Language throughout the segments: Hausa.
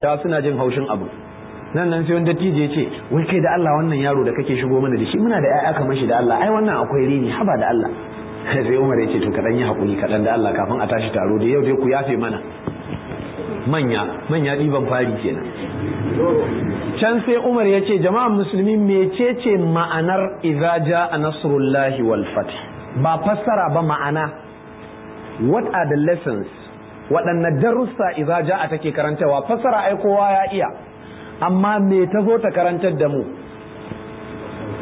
ta suna jin haushin abu nan nan sai wani dattijo ce wai kai da Allah wannan yaro da kake shigo mana da shi muna da ƴaƴa kamar shi da Allah ai wannan akwai rini haba da Allah sai Umar ya ce to kadan yi hakuri kadan da Allah kafin a tashi taro da yau dai ku yafe mana manya manya diban fari kenan can sai Umar yace ce jama'an musulmi mecece ma'anar idza jaa nasrullahi wal fath ba fassara ba ma'ana what are the lessons waɗanne darussa iza a take karantawa fassara ai kowa ya iya amma me ta zo ta karantar da mu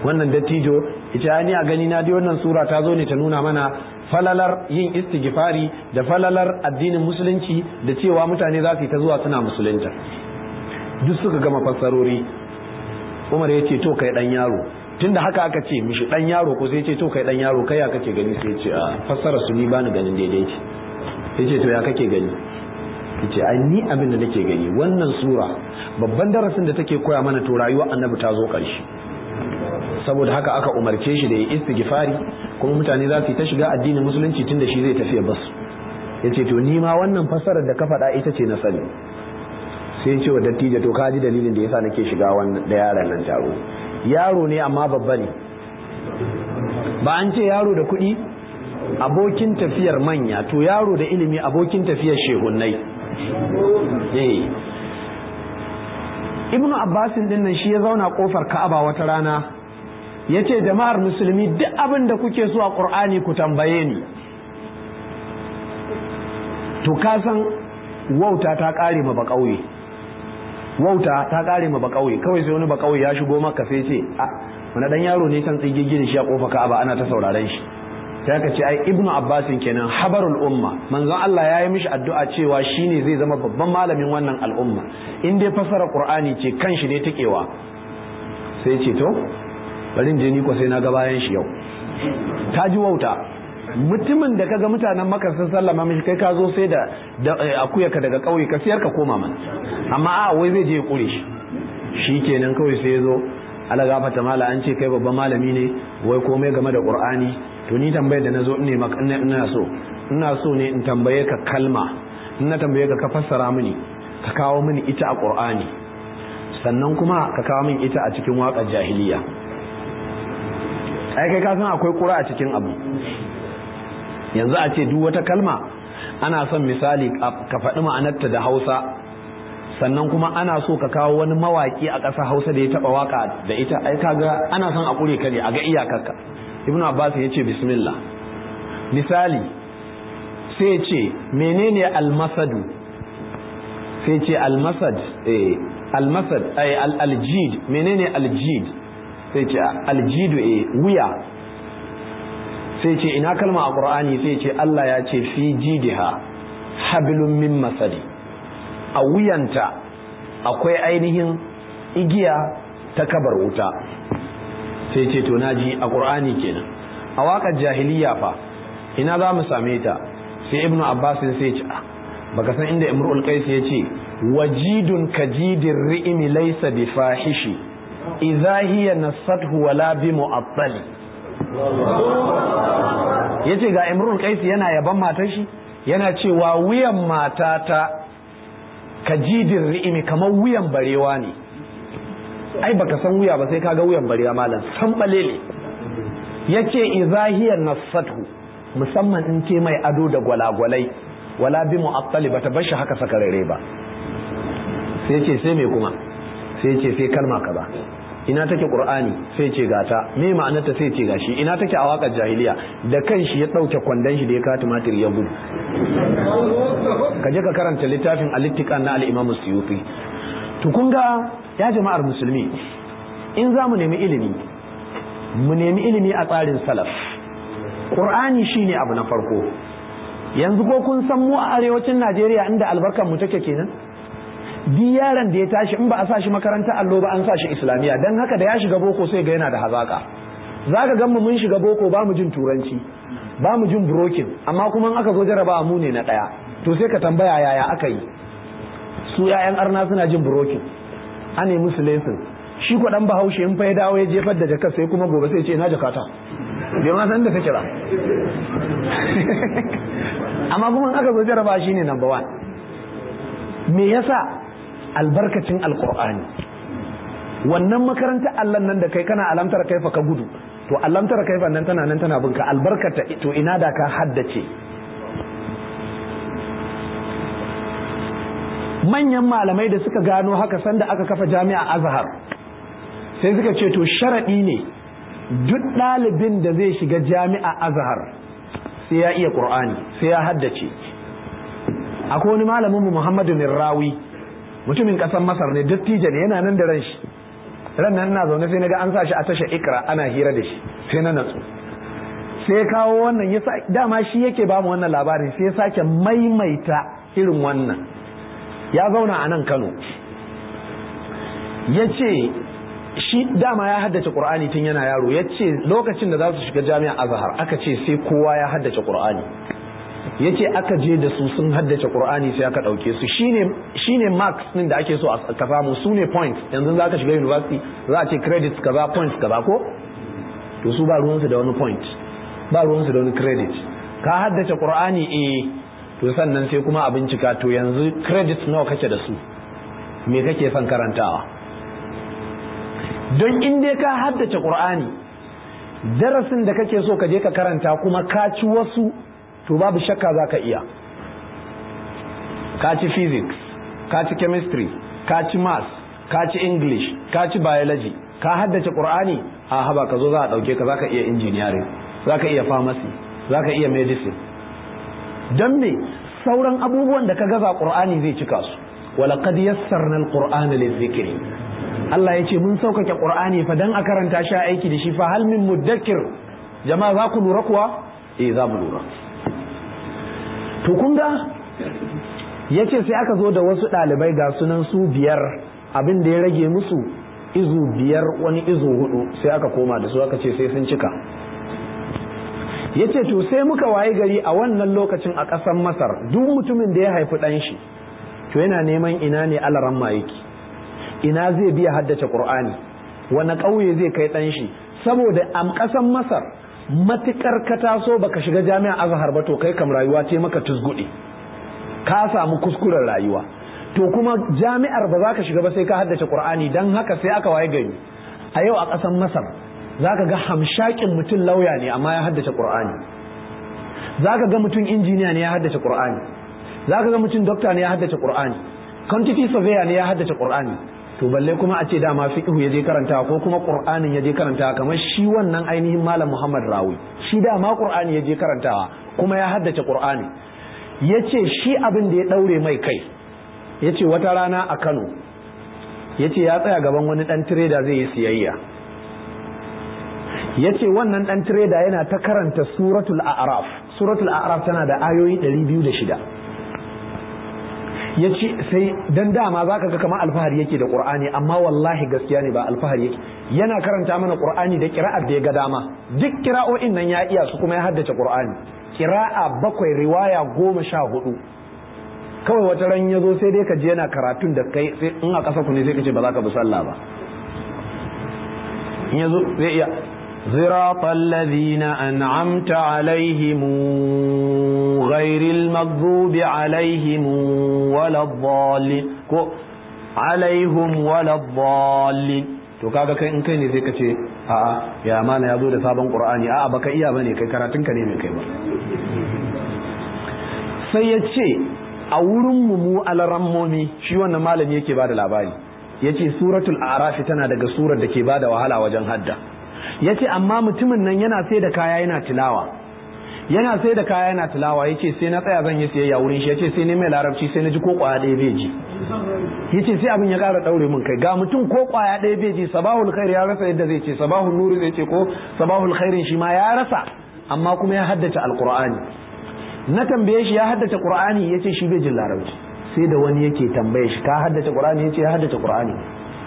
wannan dattijo ita ni a gani na da wannan sura ta zo ne ta nuna mana falalar yin istighfari da falalar addinin musulunci da cewa mutane za su yi ta zuwa suna musulunta duk suka gama fassarori Umar ya ce to kai dan yaro tunda haka aka ce mishi dan yaro ko sai ce to kai dan yaro kai ya kace gani sai ce a fassara su ni bani ganin daidai ce yace to ya kake gani yace ai ni abin da nake gani wannan sura babban darasin da take koya mana to rayuwa annabi ta zo karshe saboda haka aka umarce shi da ya istighfari kuma mutane za su ta shiga addinin musulunci tun da shi zai tafiya bas yace to ni ma wannan fasarar da ka faɗa ita ce na sani sai ce wa dattijo to ka ji dalilin da yasa nake shiga wannan da yaran nan taro yaro ne amma babba ne ba an ce yaro da kuɗi abokin tafiyar manya to yaro da ilimi abokin tafiyar shehunnai eh. ibnu abbasin din shi ya zauna kofar ka'aba wata rana ya ce jama'ar musulmi duk abin da kuke so a ƙur'ani ku tambaye ni to ka san wauta ta ƙare ma baƙauye wauta ta ƙare ma baƙauye kawai sai wani baƙauye ya shigo maka sai ce a ah, wani ɗan yaro ne san tsigigi shi a ƙofa ka'aba ana ta sauraron shi sai aka ce ai ibnu abbasin kenan habarul umma manzon Allah ya yi mishi addu'a cewa shine zai zama babban malamin wannan al'umma in dai fasara qur'ani ce kanshi ne takewa sai ce to bari in je ni ko sai na ga bayan shi yau ta ji wauta mutumin da kaga mutanen makar sun sallama mishi kai ka zo sai da eh, akuya daga kauye ka siyar ka koma man amma a wai zai je ya kure shi kenan kawai sai ya zo ala gafata mala an ce kai babban malami ne wai komai game da qur'ani to ni tambayar da nazo ne maka ina so ina so ne in tambaye ka kalma in na tambaye ka fassara mini ka kawo mini ita a qur'ani sannan kuma ka kawo min ita a cikin waka jahiliya ai kai ka san akwai qur'a a cikin abu yanzu a ce duk wata kalma ana son misali ka faɗi ma'anarta da hausa sannan kuma ana so ka kawo wani mawaki a ƙasa hausa da ya taɓa waka da ita ai kaga ana son a ƙure ka ne a ga iyakarka ibn abbas ya ce bismillah misali sai ya ce menene almasadu sai ce almasad eh almasad ay aljid menene aljid sai ce ah, aljidu eh wuya sai ce ina kalma a qur'ani sai ce Allah ya ce fi jidiha hablum min masadi a wuyanta akwai ainihin igiya ta kabar wuta sai ce to naji a qur'ani kenan a waƙar jahiliya fa ina za mu same ta sai ibnu abbas sai ce ah, baka san inda imrul qais ya ce wajidun kajidir ri'imi laisa bi fahishi idza hiya nasathu wala bi mu'attal yace ga imrul qais yana yaban matar shi yana cewa wuyan matata kajidir ri'imi kamar wuyan barewa ne ai baka san wuya ba sai kaga wuyan bariya malam san balele yace izahiyan nasatu musamman in ce mai ado da gwalagwalai wala bi mu'attali bata bashi haka sakarare ba sai yace sai me kuma sai yace sai kalma kaza ina take qur'ani sai yace gata me ma'anarta sai yace gashi ina take a wakar jahiliya da kanshi ya dauke kwandon shi da ya kawo tumatir ya gudu ka je ka karanta littafin al na al-imam suyuti to kun ga ya jama'ar musulmi in za mu nemi ilimi mu nemi ilimi a tsarin salaf ƙur'ani ne abu na farko yanzu ko kun san mu a arewacin najeriya inda albarkar mu take kenan di yaron da ya tashi in ba a sa shi makaranta allo ba an sa shi islamiyya don haka da ya shiga boko sai ga yana da hazaka za ka gan mu mun shiga boko ba mu jin turanci ba mu jin brokin amma kuma in aka zo jarabawa mu ne na ɗaya to sai ka tambaya yaya aka yi su ƴaƴan arna suna jin burokin, a ne musu lesin shi ko dan bahaushe in fa ya dawo ya jefar da jakar sai kuma gobe sai ce ina jakata bai ma san da ta kira amma kuma aka zo jaraba shine number 1 me yasa albarkacin alqur'ani wannan makarantar Allah nan da kai kana alamtar kaifa ka gudu to alamtar kaifa nan tana nan tana binka albarkata to ina da ka haddace manyan malamai da suka gano haka sanda aka kafa jami'a azhar sai suka ce to sharaɗi ne duk ɗalibin da zai shiga jami'a azhar sai ya iya ƙur'ani sai ya haddace akwai wani malamin mu muhammadu rawi mutumin ƙasar masar ne dattijo ne yana nan da ran shi ran nan na zaune sai naga an sa shi a tashar ikra ana hira da shi sai na natsu sai kawo wannan ya dama shi yake bamu wannan labarin sai ya sake maimaita irin wannan ya zauna a nan kano ya ce shi dama ya haddace ƙur'ani tun yana yaro ya ce lokacin da za su shiga jami'a azahar aka ce sai kowa ya haddace ƙur'ani ya ce aka je da su sun haddace ƙur'ani sai aka ɗauke su shi ne marks ɗin da ake so ka samu su ne points yanzu za ka shiga university za a ce credits kaza points kaza ko to su ba ruwansu da wani point ba ruwansu da wani credit ka haddace ƙur'ani eh to sannan sai kuma a bincika to yanzu credit nawa kake da su me kake son karantawa don in dai ka haddace qur'ani darasin da kake so ka je ka karanta kuma ka ci wasu to babu shakka za ka iya ka ci physics ka ci chemistry ka ci maths ka ci english ka ci biology ka haddace qur'ani a haba ka zo za a dauke ka za ka iya engineering za ka iya pharmacy za ka iya medicine don me sauran abubuwan da ka gaza qur'ani zai cika su walaqad yassarna alqur'ana lizikri Allah ya ce mun sauƙaƙe qur'ani fa dan a karanta shi aiki da shi fa hal min mudakkir jama'a za ku lura kuwa eh za mu lura to kun ga yace sai aka zo da wasu ɗalibai ga sunan su biyar abin da ya rage musu izu biyar wani izu hudu sai aka koma da su aka ce sai sun cika Yace to sai muka waye gari a wannan lokacin a ƙasar masar duk mutumin da ya haifi ɗan shi to yana neman ina ne alaran mayiki ina zai biya haddace Qur'ani wani ƙauye zai kai ɗan shi saboda a ƙasar masar matuƙar ka taso baka shiga jami'a azhar ba to kai kam rayuwa ce maka tusguɗe ka samu kuskuren rayuwa to kuma jami'ar ba za ka shiga ba sai ka haddace Qur'ani dan haka sai aka waye gari a yau a ƙasar masar za ka ga hamshakin mutum lauya ne amma ya haddace ƙur'ani za ka ga mutum injiniya ne ya haddace ƙur'ani za ka ga mutum dokta ne ya haddace ƙur'ani kwantiti surveyor ne ya haddace ƙur'ani to balle kuma a ce dama fiqhu ya je karantawa ko kuma ƙur'anin ya je karantawa kamar shi wannan ainihin malam Muhammad Rawi shi dama ƙur'ani ya je karantawa kuma ya haddace ƙur'ani ce shi abin da ya ɗaure mai kai Ya ce wata rana a Kano Ya ce ya tsaya gaban wani dan tireda zai yi siyayya yace wannan ɗan tireda yana ta karanta suratul a'raf suratul a'raf tana da ayoyi 206 ce sai don dama zaka ga kama alfahari yake da qur'ani amma wallahi gaskiya ne ba alfahari yake yana karanta mana qur'ani da kira'ar da ya ga dama duk kira'o'in nan ya iya su kuma ya haddace qur'ani kira'a bakwai riwaya goma sha hudu kawai wata ran ya zo sai dai ka je yana karatun da kai sai in a ƙasa ku ne sai ka ce ba za ka bi sallah ba صراط الذين أنعمت عليهم غير المغضوب عليهم ولا الضالين عليهم ولا الضالين to kaga kai in kai ne sai ka ce a'a ya mana ya zo da sabon qur'ani a'a baka iya bane kai karatun ka ne mai kai ba sai ya ce a wurin mu mu alarammomi shi wannan malami yake bada labari yace suratul a'raf tana daga surar da ke bada wahala wajen hadda yace amma mutumin nan yana sai da kaya yana tilawa yana sai da kaya yana tilawa yace sai na tsaya zan yi siyayya wurin shi ce sai ne mai larabci sai na ji ko kwaya ɗaya bai ji yace sai abin ya ƙara ɗaure min kai ga mutum ko kwaya ɗaya bai ji sabahul khair ya rasa yadda zai ce sabahul nuri zai ce ko sabahul khairin shi ma ya rasa amma kuma ya haddace alqur'ani na tambaye shi ya haddace qur'ani ce shi bai jin larabci sai da wani yake tambaye shi ka haddace qur'ani ce ya haddace qur'ani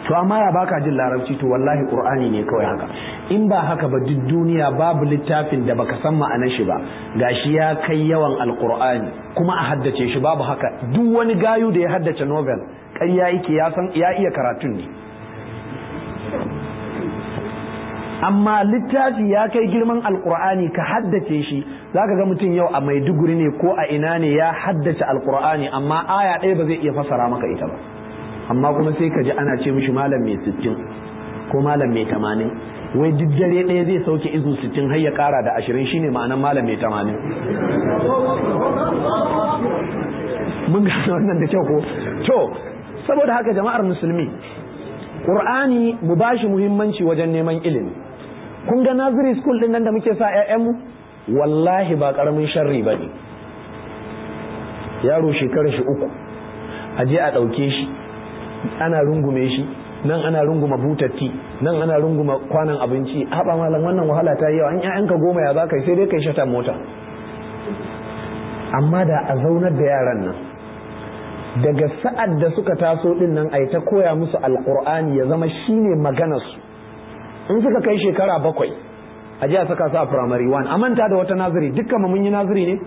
to amma ya baka jin larabci to wallahi qur'ani ne kawai haka in ba haka ba duk duniya babu littafin da baka san ma'anar shi ba gashi ya kai yawan alkur'ani kuma a haddace shi babu haka duk wani gayu da ya haddace novel ƙarya yake ya san ya iya karatun ne amma littafi ya kai girman alkur'ani ka haddace shi zaka ga mutum yau a maiduguri ne ko a ina ne ya haddace alkur'ani amma aya ɗaya ba zai iya fassara maka ita ba amma kuma sai ka ji ana ce mishi malam mai sittin ko malam mai tamanin wai duk dare ɗaya zai sauke izu sittin har ya ƙara da ashirin shine ma'anan malam mai tamanin mun gane wannan da kyau ko to saboda haka jama'ar musulmi ƙur'ani mu ba shi muhimmanci wajen neman ilimi kun ga naziri school ɗin nan da muke sa 'ya'yanmu wallahi ba ƙaramin sharri ba ne yaro shekarar shi uku a je a ɗauke shi ana rungume shi nan ana runguma butatti nan ana runguma kwanan abinci haɓa malam wannan wahala ta yi yawa an ƴaƴanka goma ya baka sai dai kai shata mota amma da a zaunar da yaran nan daga sa'ad da suka taso din nan ai ta koya musu alqur'ani ya zama shine maganar su in suka kai shekara bakwai a ji a saka su a primary one a manta da wata naziri dukkan mun yi naziri ne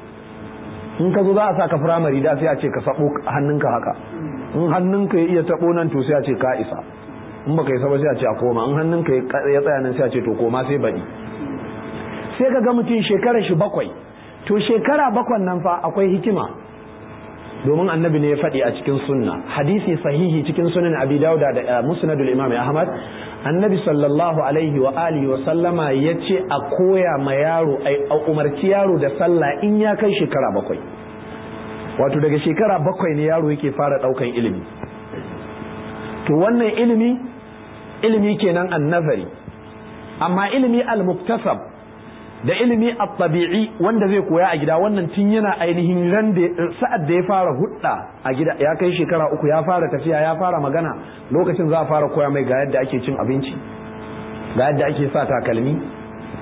in ka zo za a saka firamare da sai a ce ka sabo hannunka haka in hannunka ya iya tabo nan to sai a ce ka isa in baka yi saba sai a ce a koma in hannun ka ya tsaya nan sai a ce to koma sai baɗi sai ka ga mutum shekara shi bakwai to shekara bakwan nan fa akwai hikima domin annabi ne ya faɗi a cikin sunna hadisi sahihi cikin sunan abi dauda da eh, musnadul imam ahmad annabi sallallahu alaihi wa alihi wa sallama ya a koya ma yaro a umarci yaro da sallah in ya kai shekara bakwai wato daga shekara bakwai ne yaro yake fara ɗaukar ilimi to wannan ilimi ilimi kenan annazari amma ilimi al da ilimi at-tabi'i wanda zai koya a gida wannan tun yana ainihin ran da sa'ad da ya fara hudda a gida ya kai shekara uku ya fara tafiya ya fara magana lokacin za a fara koya mai ga yadda ake cin abinci ga yadda ake sa takalmi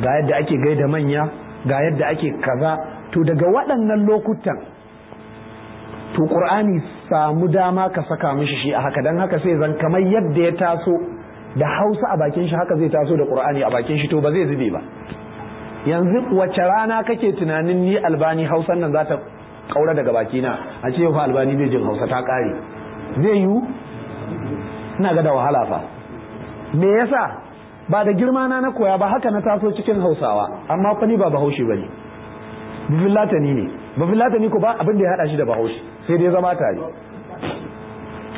ga yadda ake gaida manya ga yadda ake kaza to daga waɗannan lokutan to qur'ani samu dama ka saka mishi shi a haka dan haka sai zan kamar yadda ya taso da hausa a bakin shi haka zai taso da qur'ani a bakin shi to ba zai zube ba yanzu wacce rana kake tunanin ni albani hausan nan za ta kaura daga na a ce fa albani bai jin hausa ta kare zai yiwu ina ga da wahala fa me yasa ba da girma na na koya ba haka na taso cikin hausawa amma fa ni ba bahaushe bane bibillatani ne bibillatani ko ba abin da ya hada shi da bahaushe sai dai zama tare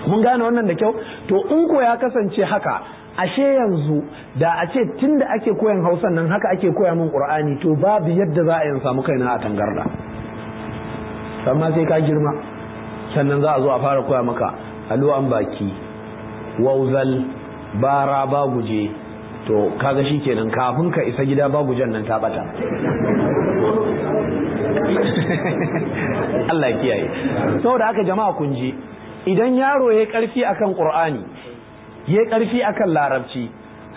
mun gane wannan da kyau to in ko ya kasance haka ashe yanzu da a ce tun da ake koyan hausan nan haka ake koya min ƙur'ani to babu yadda za a yin samu kaina a tangarda amma sai ka girma sannan za a zo a fara koya maka aluwan baki wauzal bara baguje to kaga kenan kafin ka isa gida bagujen nan ta bata Allah kiyaye saboda haka jama'a kun ji idan yaro ya karfi akan qur'ani ya yi ƙarfi a kan larabci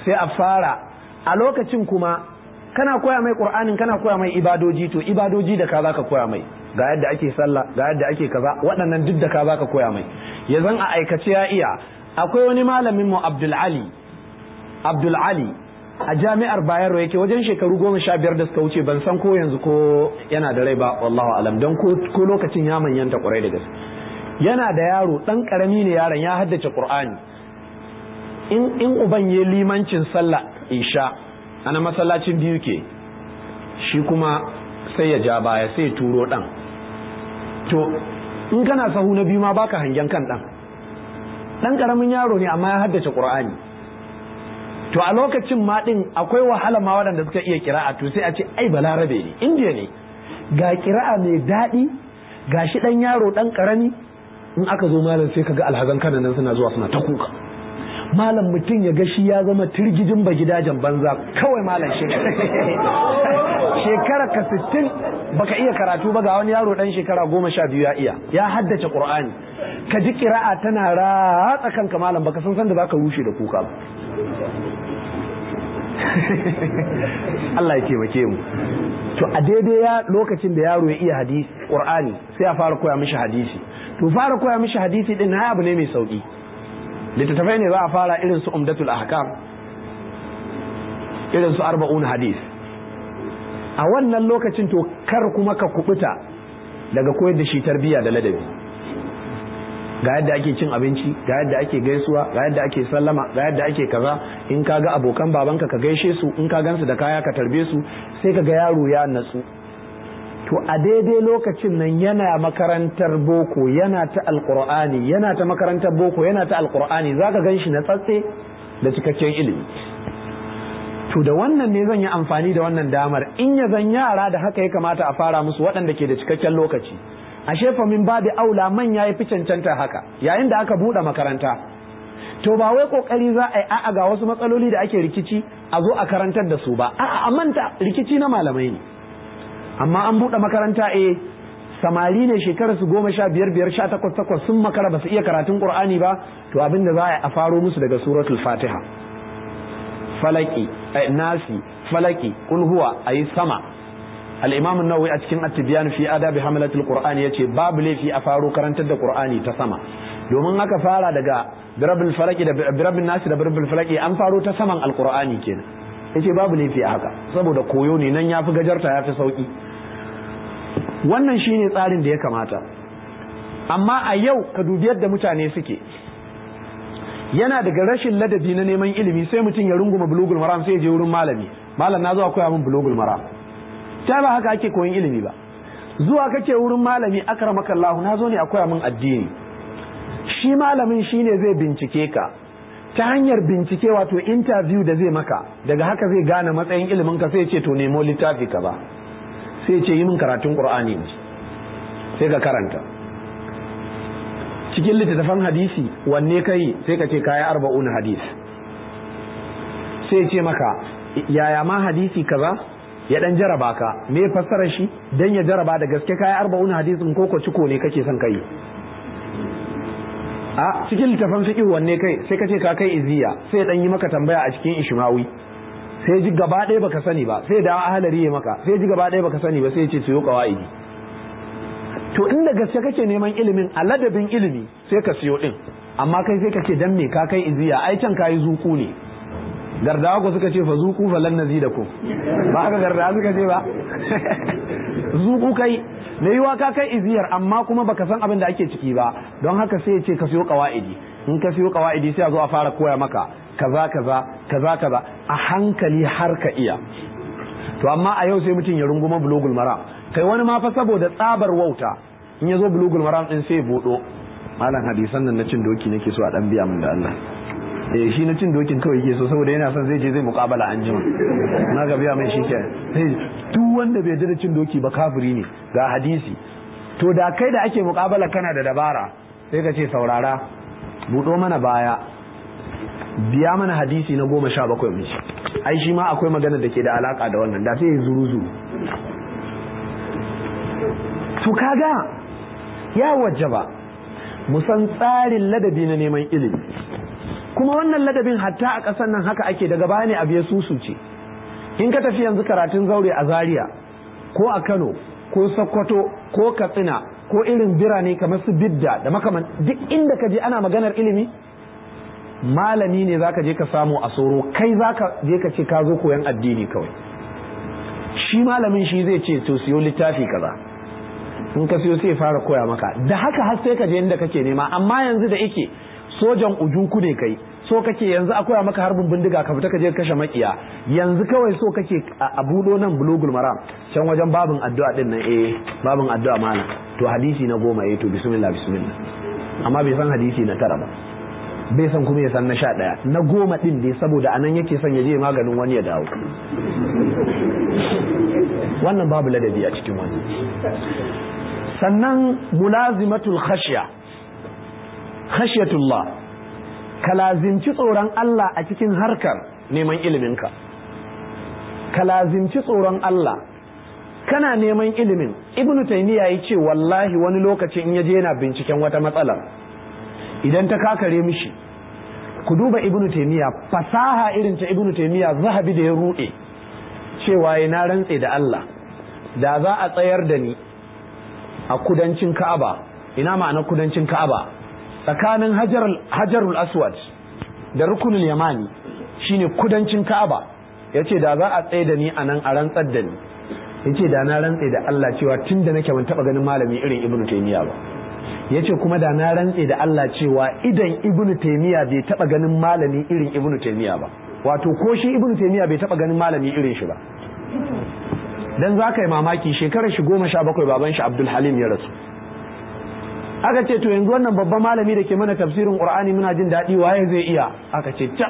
sai a fara a lokacin kuma kana koya mai ƙur'anin kana koya mai ibadoji to ibadoji da ka zaka koya mai ga yadda ake sallah ga yadda ake kaza waɗannan duk da ka zaka koya mai ya zan a aikace ya iya akwai wani malamin mu Abdul Ali Abdul Ali a jami'ar Bayero yake wajen shekaru goma sha biyar da suka wuce ban san ko yanzu ko yana da rai ba wallahu alam don ko lokacin ya manyanta ƙwarai da gaske yana da yaro ɗan ƙarami ne yaron ya haddace ƙur'ani in in uban ya limancin sallah isha ana masallacin biyu ke shi kuma sai ya ja baya sai ya turo dan to in kana sahu na biyu ma baka hangen kan dan dan karamin yaro ne amma ya haddace qur'ani to a lokacin ma din akwai wahala ma waɗanda suka iya kira'a to sai a ce ai balarabe ne indiya ne ga kira'a mai daɗi ga shi dan yaro dan karami in aka zo malam sai kaga alhazan kananan suna zuwa suna ta kuka malam mutum ya gashi ya zama turgijin ba gidajen banza kawai malam shekara ka sittin baka iya karatu ba ga wani yaro dan shekara goma sha biyu ya iya ya haddace qur'ani ka ji kira'a tana ratsa kanka malam baka san san da zaka rushe da kuka ba Allah ya taimake mu to a daidai ya lokacin da yaro ya iya hadisi qur'ani sai a fara koya mishi hadisi to fara koya mishi hadisi din na abu ne mai sauki littattafai ne za a fara irin su umdatul ahkam irin su arba'un hadis a wannan lokacin to kar kuma ka kubuta daga koyar da shi tarbiyya da ladabi ga yadda ake cin abinci ga yadda ake gaisuwa ga yadda ake sallama ga yadda ake kaza in ka ga abokan babanka ka gaishe su in ka gansu da kaya ka tarbe su sai ka ga yaro ya natsu to a daidai lokacin nan yana makarantar boko yana ta alkur'ani yana ta makarantar boko yana ta ka zaka shi na tsatse da cikakken ilimi to da wannan ne zan yi amfani da wannan damar in ya zan yara da haka ya kamata a fara musu waɗanda ke da cikakken lokaci A shefa min babu aula man ya fi cancanta haka yayin da aka buɗe makaranta to ba wai ƙoƙari za a yi a'a ga wasu matsaloli da ake rikici a zo a karantar da su ba a'a a manta rikici na malamai ne amma an buɗe makaranta eh samari ne shekarar su goma sha biyar biyar sha takwas takwas sun makara ba su iya karatun qur'ani ba to abin da za a faro musu daga suratul fatiha falaki eh, nasi falaki kul a yi sama al-imam an-nawawi a cikin at-tibyan fi adabi hamalatul qur'ani yace babu laifi a faro karantar da qur'ani ta sama domin aka fara daga birabul falaki da birabul nasi da birabul falaki an faro ta saman alqur'ani kenan yace babu laifi a haka saboda koyo ne nan yafi gajarta yafi sauki wannan shi ne tsarin da ya kamata amma a yau ka dubi yadda mutane suke yana daga rashin ladabi na neman ilimi sai mutum ya runguma bulugul maram sai ya je wurin malami malam na zuwa koya min bulugul maram ta ba haka ake koyon ilimi ba zuwa kake wurin malami akramaka Allah na zo ne a koya min addini shi malamin shi ne zai bincike ka ta hanyar bincike wato interview da zai maka daga haka zai gane matsayin ilimin ka sai ya ce to nemo littafi ka ba sai ce yi min karatun ne sai ka karanta cikin littattafan hadisi wanne ka yi sai ka ce kayi arba'un hadis sai ce maka yaya ma hadisi kaza ya dan jaraba ka me fassara shi dan ya jaraba da gaske kayi arba'un hadisin ko ko ciko ne kake son kai a cikin littattafan fiqh wanne kai sai ka ce ka kai iziya sai ɗan yi maka tambaya a cikin ishmawi sai ji gaba ɗaya baka sani ba sai da ahalari ya maka sai ji gaba ɗaya baka sani ba sai ce siyo idi. to inda gaske kake neman ilimin a ladabin ilimi sai ka siyo din amma kai sai kace dan me ka kai iziya ai can kai zuku ne gardawa ku suka ce fa zuku fa lan ku. ba haka gardawa suka ce ba zuku kai me yiwa ka kai iziyar amma kuma baka san abin da ake ciki ba don haka sai ya ce ka siyo idi. in ka siyo idi sai a zo a fara koya maka kaza kaza kaza kaza a hankali har ka iya to amma a yau sai mutum ya runguma bulogul maram kai wani ma fa saboda tsabar wauta in ya zo bulogul maram din sai ya bodo malam hadisan nan na cin doki nake so a dan biya min da Allah eh shi na cin dokin kawai yake so saboda yana son zai je zai muqabala an jima na ga biya mai shike sai duk wanda bai da cin doki ba kafiri ne ga hadisi to da kai da ake muqabala kana da dabara sai ka ce saurara buɗo mana baya biya mana hadisi na goma sha bakwai mu ai shi ma akwai magana da ke da alaka da wannan da sai ya zuru zuru to kaga ya wajaba mu san tsarin ladabi na neman ilimi kuma wannan ladabin hatta a ƙasar nan haka ake daga baya ne abu ya susuce in ka tafi yanzu karatun zaure a Zariya ko a kano ko sokoto ko katsina ko irin birane kamar su bidda da makaman duk inda ka je ana maganar ilimi malami ne zaka je ka samu a soro kai zaka je ka ce ka zo koyan addini kawai shi malamin shi zai ce to siyo littafi kaza in ka siyo sai fara koya maka da haka har sai ka je inda kake nema amma yanzu da yake sojan ujuku ne kai so kake yanzu a koya maka harbin bindiga ka fita ka je kashe makiya yanzu kawai so kake a budo nan bulugul maram can wajen babin addu'a din nan eh babin addu'a malam to hadisi na goma eh to bismillah bismillah amma bai san hadisi na tara ba bai san kuma ya san na sha ɗaya na goma ɗin dai saboda anan yake son ya je maganin wani ya dawo wannan babu ladabi a cikin wani sannan mulazimatul khashiya khashiyatullah ka lazimci tsoron Allah a cikin harkar neman iliminka ka lazimci tsoron Allah kana neman ilimin ibnu taymiya yace wallahi wani lokaci in yaje yana binciken wata matsalar. idan ta kakare mishi ku duba ibnu taimiyya fasaha irin ta ibnu taimiyya zahabi da ya ruɗe cewa ya na rantse da Allah da za a tsayar da ni a kudancin Ka'aba ina ma'ana kudancin Ka'aba tsakanin hajarul aswad da rukunul yamani shine kudancin Ka'aba yace da za a tsaye da ni a nan a rantsar da ni yace da na rantse da Allah cewa tunda nake ban taba ganin malami irin ibnu taimiyya ba ya ce kuma da na rantse da Allah cewa idan ibnu taymiya bai taba ganin malami irin ibnu taymiya ba wato ko shi ibnu taymiya bai taba ganin malami irin shi ba dan za yi mamaki shekarar shi goma sha bakwai baban shi abdul halim ya rasu aka ce to yanzu wannan babban malami da ke mana tafsirin qur'ani muna jin daɗi waye zai iya aka ce ta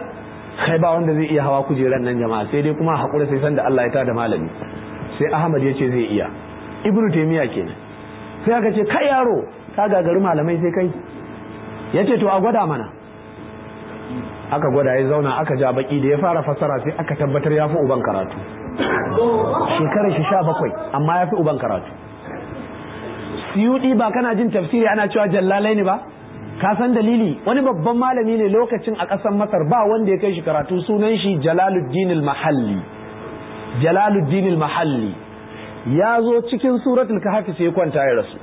kai ba wanda zai iya hawa kujeran nan jama'a sai dai kuma hakura sai sanda Allah ya tada malami sai Ahmad ya ce zai iya Ibn Taymiya kenan sai aka ce kai yaro ka gagari malamai sai kai ya ce to a gwada mana aka gwada ya zauna aka ja baki da ya fara fassara sai aka tabbatar ya fi uban karatu shekarar shi sha bakwai amma ya fi uban karatu siyudi ba kana jin tafsiri ana cewa jallalai ne ba ka san dalili wani babban malami ne lokacin a ƙasar masar ba wanda ya kai shi karatu sunan shi jalaluddin mahalli jalaluddin mahalli ya zo cikin suratul kahfi sai kwanta ya rasu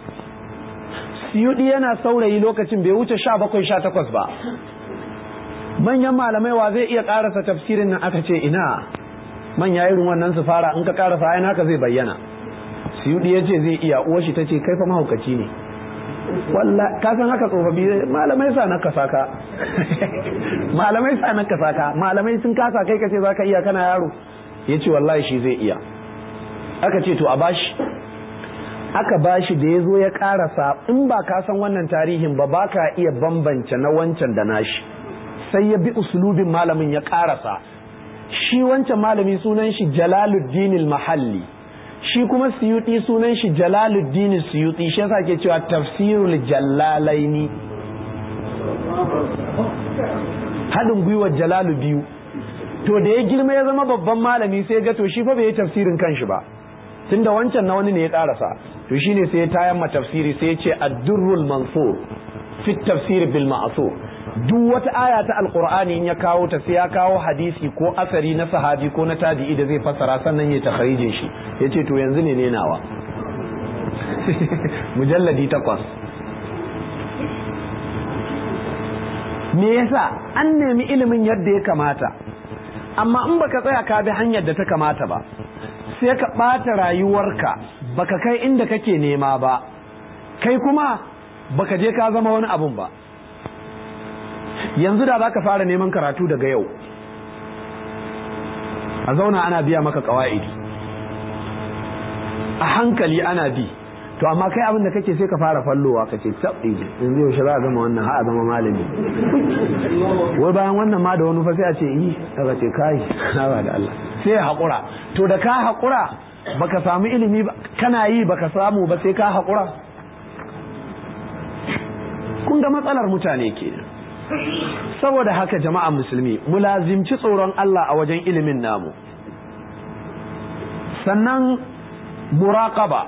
siyudi yana saurayi lokacin bai wuce sha bakwai sha takwas ba manyan malamai wa zai iya karasa tafsirin nan aka ce ina manya irin wannan su fara in ka karasa ayan haka zai bayyana siyudi ya ce zai iya uwa shi ta ce kai fa mahaukaci ne walla ka san haka tsofaffi malamai sa na kasa ka malamai sa na kasa ka malamai sun kasa kai kace zaka iya kana yaro yace wallahi shi zai iya aka ce to a bashi aka ba shi da ya zo ya karasa in ba ka san wannan tarihin ba ba ka iya bambance na wancan da nashi sai ya bi usulubin malamin ya karasa shi wancan malami sunan shi jalaluddin mahalli shi kuma suyuti sunan shi jalaluddin suyuti shi yasa ke cewa tafsirul jallalaini haɗin gwiwar jalalu biyu to da ya girma ya zama babban malami sai ga to shi fa bai yi tafsirin kanshi ba tunda wancan na wani ne ya karasa to shine sai ta tayan ma tafsiri sai ya ce ad-durrul mansur fi tafsir bil ma'sur duk wata aya ta alkur'ani ya kawo ta sai ya kawo hadisi ko asari na sahabi ko na tabi'i da zai fassara sannan ya takharijin shi yace to yanzu ne ne nawa mujalladi takwas me yasa an nemi ilimin yadda ya kamata amma in baka tsaya ka bi hanyar da ta kamata ba sai ka bata rayuwarka baka kai inda kake nema ba kai kuma baka je ka zama wani abun ba yanzu da za ka fara neman karatu daga yau a zauna ana biya maka kawa'idi a hankali ana bi to amma kai abin da kake sai ka fara fallowa kace tabbi yanzu shi za a zama wannan ha a zama malami wai bayan wannan ma da wani fa sai a ce yi daga ce kai na da Allah sai haƙura to da ka haƙura baka samu ilimi ba? kana yi baka samu ba sai ka haƙura kun ga matsalar mutane ke saboda haka jama'a musulmi mulazimci tsoron Allah a wajen ilimin namu sannan muraqaba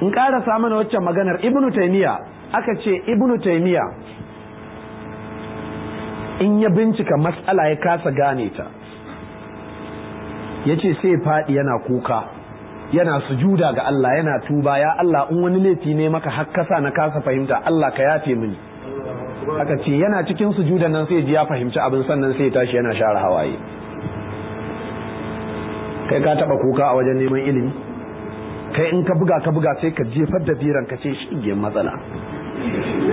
in ƙara samu na waccan maganar ibnu taymiya aka ce ibnu taymiya in ya bincika matsala ya kasa gane ta ya ce sai faɗi yana kuka yana sujuda ga Allah yana tuba ya Allah in wani laifi ne maka har kasa na kasa fahimta Allah ka yafe mini aka ce yana cikin sujuda nan sai ji ya fahimci abin sannan sai tashi yana share hawaye kai ka taba kuka a wajen neman ilimi kai in ka buga ka buga sai ka jefar da biran ka ce shigiyar matsala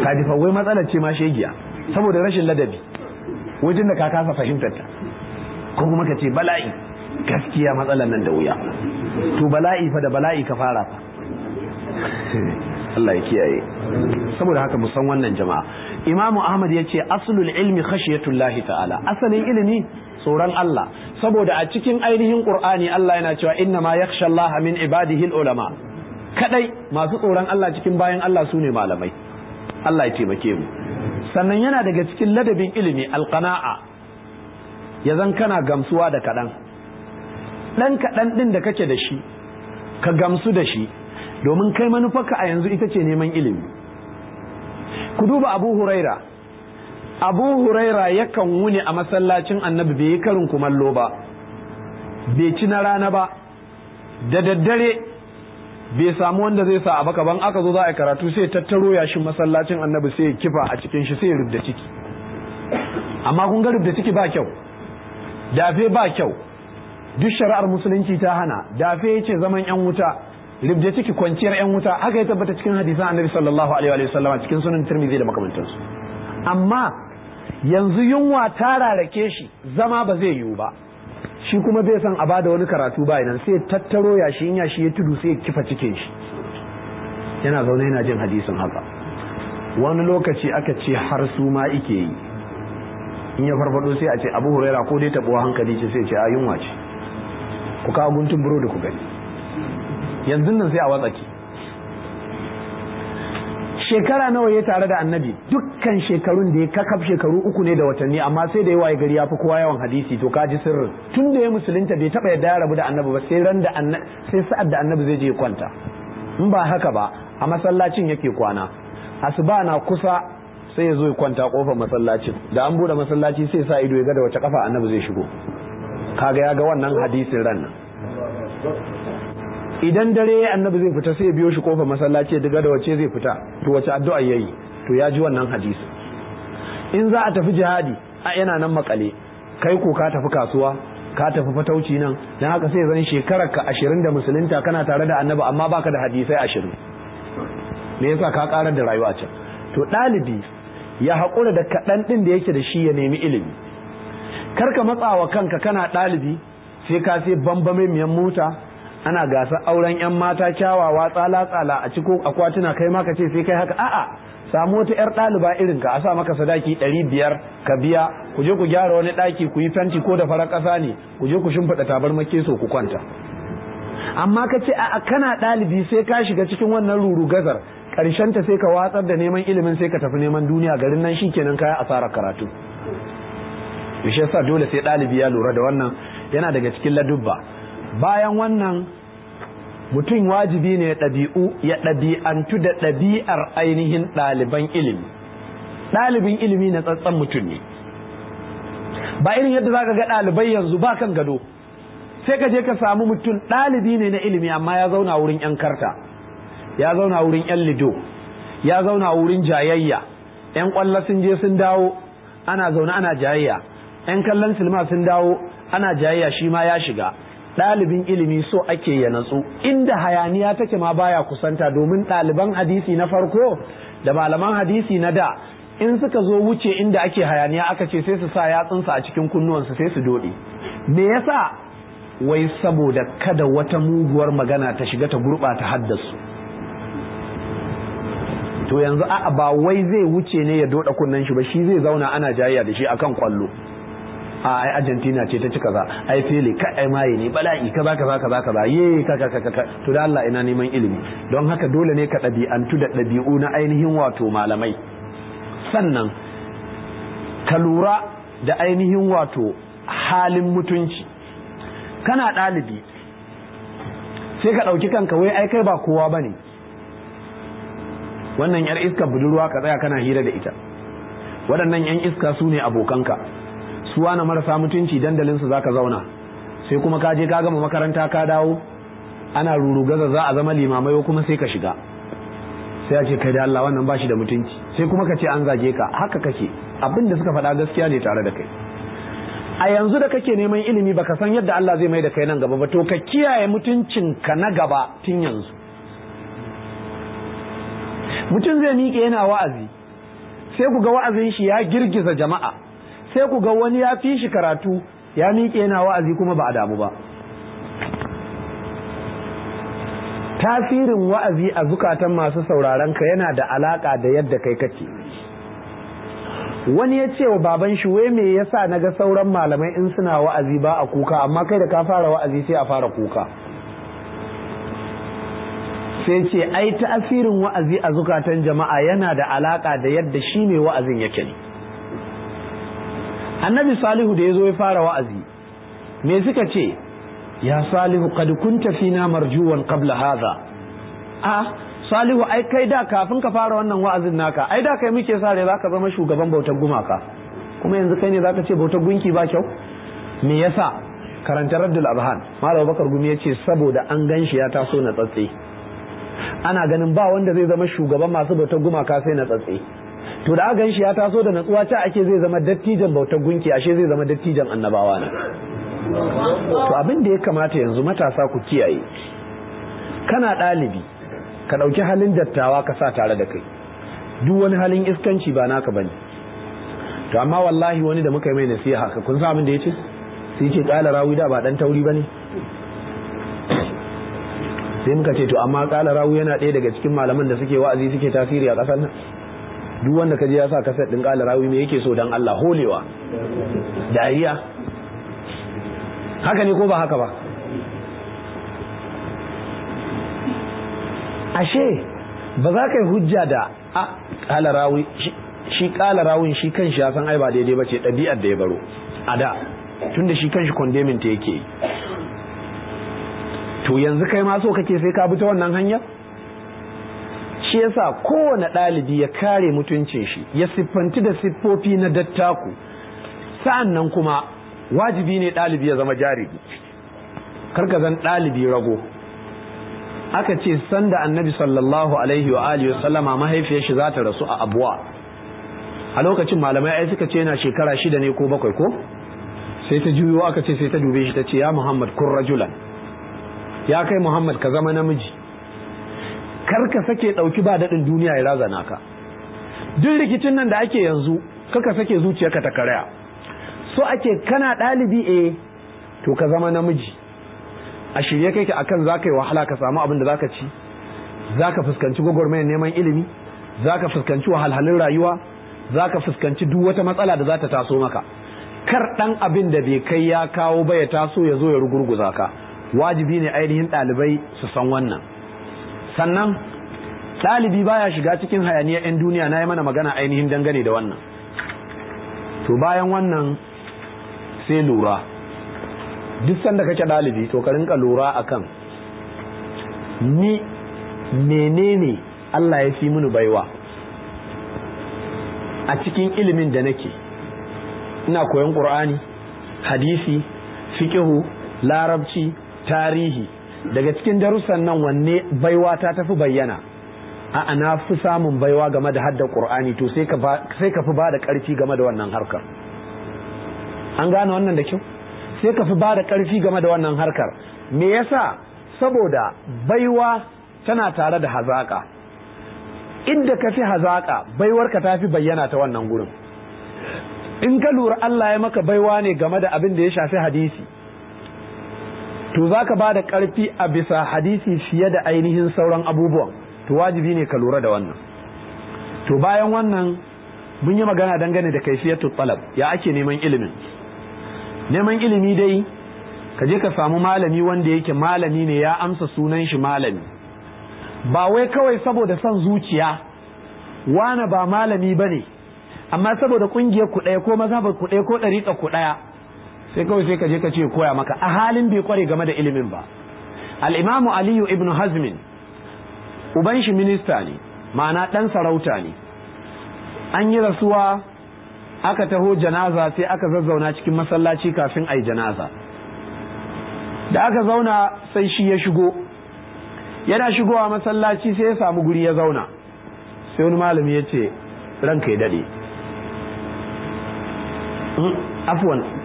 ka jifa wai matsala ce ma shegiya saboda rashin ladabi wajen da ka kasa fahimtar ta ko kuma ka ce bala'i gaskiya matsalan nan da wuya to bala'i fa da bala'i ka fara fa Allah ya kiyaye saboda haka musan wannan jama'a Imam Ahmad ya ce aslul ilmi khashiyatullahi ta'ala asalin ilimi tsoron Allah saboda a cikin ainihin Qur'ani Allah yana cewa inna ma yakhsha Allah min ibadihi ulama kadai masu tsoron Allah cikin bayan Allah sune malamai Allah ya taimake mu sannan yana daga cikin ladabin ilimi alqana'a yazan kana gamsuwa da kadan ɗan kaɗan ɗin da kake da shi ka gamsu da shi domin kai manufarka a yanzu ita ce neman ilimi ku duba abu huraira abu huraira yakan wuni a masallacin annabi bai yi karin kumallo ba bai ci na rana ba da daddare bai samu wanda zai sa baka ban aka zo za a karatu sai tattaro yashin masallacin annabi sai kifa a cikin shi sai rubda ciki amma kun ga rubda ciki ba kyau dafe ba kyau duk shari'ar musulunci ta hana dafe ce zaman yan wuta libje ciki kwanciyar yan wuta haka ya tabbata cikin hadisan annabi sallallahu alaihi wa sallam cikin sunan tirmidhi da makamantansu amma yanzu yunwa ta rarake shi zama ba zai yiwu ba shi kuma bai san a bada wani karatu ba nan sai tattaro ya shi ya shi ya tudu sai kifa cikin shi yana zaune yana jin hadisin haka wani lokaci aka ce har su ma ike yi in ya farfado sai a ce abu huraira ko dai tabuwa hankali ce sai ce a yunwa ce ku kawo guntun burodi ku gani yanzu nan sai a watsaki shekara nawa ya tare da annabi dukkan shekarun da ya kakaf shekaru uku ne da watanni amma sai da yawa ya gari ya fi kowa yawan hadisi to ka ji sirrin tun da ya musulunta bai taba yadda ya rabu da annabi ba sai ran da sai sa'ad da annabi zai je kwanta in ba haka ba a masallacin yake kwana asuba na kusa sai ya zo ya kwanta kofar masallacin da an bude masallaci sai sa ido ya ga da wace kafa annabi zai shigo kaga ya ga wannan hadisin ran nan idan dare annabi zai fita sai biyo shi kofa masallaci daga da wace zai fita to wace addu'a yayi to ya ji wannan hadisi in za a tafi jihadi a yana nan makale kai ko ka tafi kasuwa ka tafi fatauci nan dan haka sai zan shekarar ka 20 da musulunta kana tare da annabi amma baka da hadisai 20 me yasa ka karar da rayuwa can to dalibi ya haƙura da kaɗan ɗin da yake da shi ya nemi ilimi karka matsawa kanka kana ɗalibi sai ka sai bambame miyan mota ana gasa auren yan mata kyawawa tsala tsala a ciko akwatuna kai ma ka ce sai kai haka a'a samu wata yar ɗaliba irin ka a sa maka sadaki ɗari biyar ka biya ku je ku gyara wani ɗaki ku yi fenti ko da farar ƙasa ne ku je ku shimfiɗa tabarmake so ku kwanta amma ka ce a'a kana ɗalibi sai ka shiga cikin wannan rurugazar ta sai ka watsar da neman ilimin sai ka tafi neman duniya garin nan shikenan kaya asarar karatu to shi dole sai ɗalibi ya lura da wannan yana daga cikin ladubba bayan wannan mutum wajibi ne ɗabi'u ya ɗabi'antu da ɗabi'ar ainihin ɗaliban ilimi ɗalibin ilimi na tsatsan mutum ne ba irin yadda za ka ga ɗalibai yanzu ba kan gado sai ka je ka samu mutum ɗalibi ne na ilimi amma ya zauna wurin 'yan karta ya zauna wurin 'yan lido ya zauna wurin jayayya 'yan ƙwallo sun je sun dawo ana zaune ana jayayya 'yan kallon silma sun dawo ana jayayya shi ma ya shiga ɗalibin ilimi so ake ya natsu inda hayaniya take ma baya kusanta domin ɗaliban hadisi na farko da malaman hadisi na da in suka zo wuce inda ake hayaniya aka ce sai su sa yatsunsa a cikin kunnuwansu sai su doɗe me yasa wai saboda kada wata muguwar magana ta shiga ta gurɓata haddasu to yanzu a'a ba wai zai wuce ne ya doɗa kunnen shi ba shi zai zauna ana jayayya da shi akan kwallo a ai Argentina ce ta ci kaza ai Pele ka ai maye ne bala'i kaza kaza kaza kaza ye ka ka ka to da Allah ina neman ilimi don haka dole ne ka ɗabi'antu da ɗabi'u na ainihin wato malamai sannan ka lura da ainihin wato halin mutunci kana ɗalibi sai ka ɗauki kanka wai ai kai ba kowa ba ne wannan yar iska budurwa ka tsaya kana hira da ita waɗannan yan iska su ne abokanka su na marasa mutunci dandalin su ka zauna sai kuma ka je ka gama makaranta ka dawo ana rurugaza za a zama limamai kuma sai ka shiga sai a ce kai da Allah wannan ba shi da mutunci sai kuma ka ce an zage ka haka kake abin da suka faɗa gaskiya ne tare da kai a yanzu da kake neman ilimi baka san yadda Allah zai mai da kai nan gaba ba to ka kiyaye mutuncinka na gaba tun yanzu mutum zai miƙe yana wa'azi sai ku ga wa'azin shi ya girgiza jama'a sai ku ga wani ya fi shi karatu ya miƙe yana wa'azi kuma ba a damu ba tasirin wa'azi a zukatan masu sauraron ka yana da alaƙa da yadda kai kake wani ya ce wa baban shi wai me yasa na ga sauran malamai in suna wa'azi ba a kuka amma kai da ka fara wa'azi sai a fara kuka sai ce ai ta'asirin wa'azi a zukatan jama'a yana da alaƙa da yadda shi ne wa'azin yake ne annabi salihu da ya zo ya fara wa'azi me suka ce ya salihu kad kunta fina marjuwan qabla hadha a salihu ai kai da kafin ka fara wannan wa'azin naka ai da kai muke sare zaka zama shugaban bautar gumaka kuma yanzu kai ne zaka ce bautar gunki ba kyau me yasa Karantar raddul abhan malam bakar gumi yace saboda an ganshi ya taso na tsatse ana ganin ba wanda zai zama shugaban masu bautar gumaka sai na tsatse to da aka shi ya taso da natsuwa ta ake zai zama dattijan bautar gunki ashe zai zama dattijan annabawa ne to abin da ya kamata yanzu matasa ku kiyaye kana ɗalibi ka ɗauki halin dattawa ka sa tare da kai duk wani halin iskanci ba naka bane to amma wallahi wani da muka yi mai nasiha ka kun sa abin da yace sai ce kala rawi da ba dan tauri bane sai muka ce to amma kala rawi yana ɗaya daga cikin malaman da suke wa'azi suke tasiri a ƙasar nan duk wanda kaje ya sa kaset ɗin kala rawi me yake so dan Allah holewa dariya haka ne ko ba haka ba ashe ba za ka yi hujja da a kala rawi shi kala rawin shi kanshi ya san ai ba daidai ce ɗabi'ar da ya baro a da tunda shi kanshi condemning ta yake yi to yanzu kai ma so kake sai ka bi ta wannan hanyar shi yasa kowane ɗalibi ya kare mutuncin shi ya siffanti da siffofi na dattaku sa'an nan kuma wajibi ne ɗalibi ya zama jarigi karka zan ɗalibi rago aka ce sanda annabi sallallahu alaihi wa alihi sallama mahaifiyar shi za ta rasu a abuwa a lokacin malamai ai suka ce yana shekara shida ne ko bakwai ko sai ta juyo aka ce sai ta dube shi ta ce ya muhammad kun rajulan ya kai muhammad ka zama namiji kar ka sake ɗauki ba daɗin duniya ya razana ka duk rikicin nan da ake yanzu kaka sake zuciyarka ta karaya so ake kana ɗalibi eh to ka zama namiji a shirye kai akan za ka yi wahala ka samu abin da zaka ci zaka fuskanci gwagwarmayar neman ilimi zaka fuskanci wahalhalin rayuwa zaka fuskanci duk wata matsala da za ta taso maka kar ɗan abin da bai kai ya kawo ba ya taso ya zo ya rugurguza ka wajibi ne ainihin ɗalibai su san wannan sannan ɗalibi baya shiga cikin hayaniya 'yan duniya na yi mana magana ainihin dangane da wannan to bayan wannan sai lura duk sanda kake ɗalibi to ka rinka lura akan ni menene Allah ya fi mini baiwa a cikin ilimin da nake ina koyon ƙur'ani hadisi fiƙihu larabci tarihi daga cikin darussan nan wanne baiwa ta tafi bayyana a'a na fi samun baiwa game da hadda qur'ani to sai ka fi ba da karfi game da wannan harkar an gane wannan da kyau sai ka fi ba da karfi game da wannan harkar me yasa saboda baiwa tana tare da hazaƙa inda ka fi hazaka baiwarka ta fi bayyana ta wannan gurin in ka lura Allah ya maka baiwa ne game da abin da ya shafi hadisi to za ka ba da ƙarfi a bisa hadisi fiye da ainihin sauran abubuwan to wajibi ne ka lura da wannan to bayan wannan mun yi magana dangane da kaifiyatu talab ya ake neman ilimin neman ilimi dai ka je ka samu malami wanda yake malami ne ya amsa sunan shi malami ba wai kawai saboda son zuciya wane ba malami ba ne amma saboda ƙungiyar ku ɗaya ko mazhabar ku ɗaya ko ɗariƙa ku ɗaya sai kawai sai ka ka ce koya maka a halin bai kware game da ilimin ba al-imamu aliyu Ibn hazmin uban shi minista ne ma'ana dan sarauta ne an yi rasuwa aka taho janaza sai aka zazzauna cikin masallaci kafin a janaza da aka zauna sai shi ya shigo yana shigowa masallaci sai ya samu guri ya zauna sai wani malami ya ce ranka ya daɗe hmm, afuwan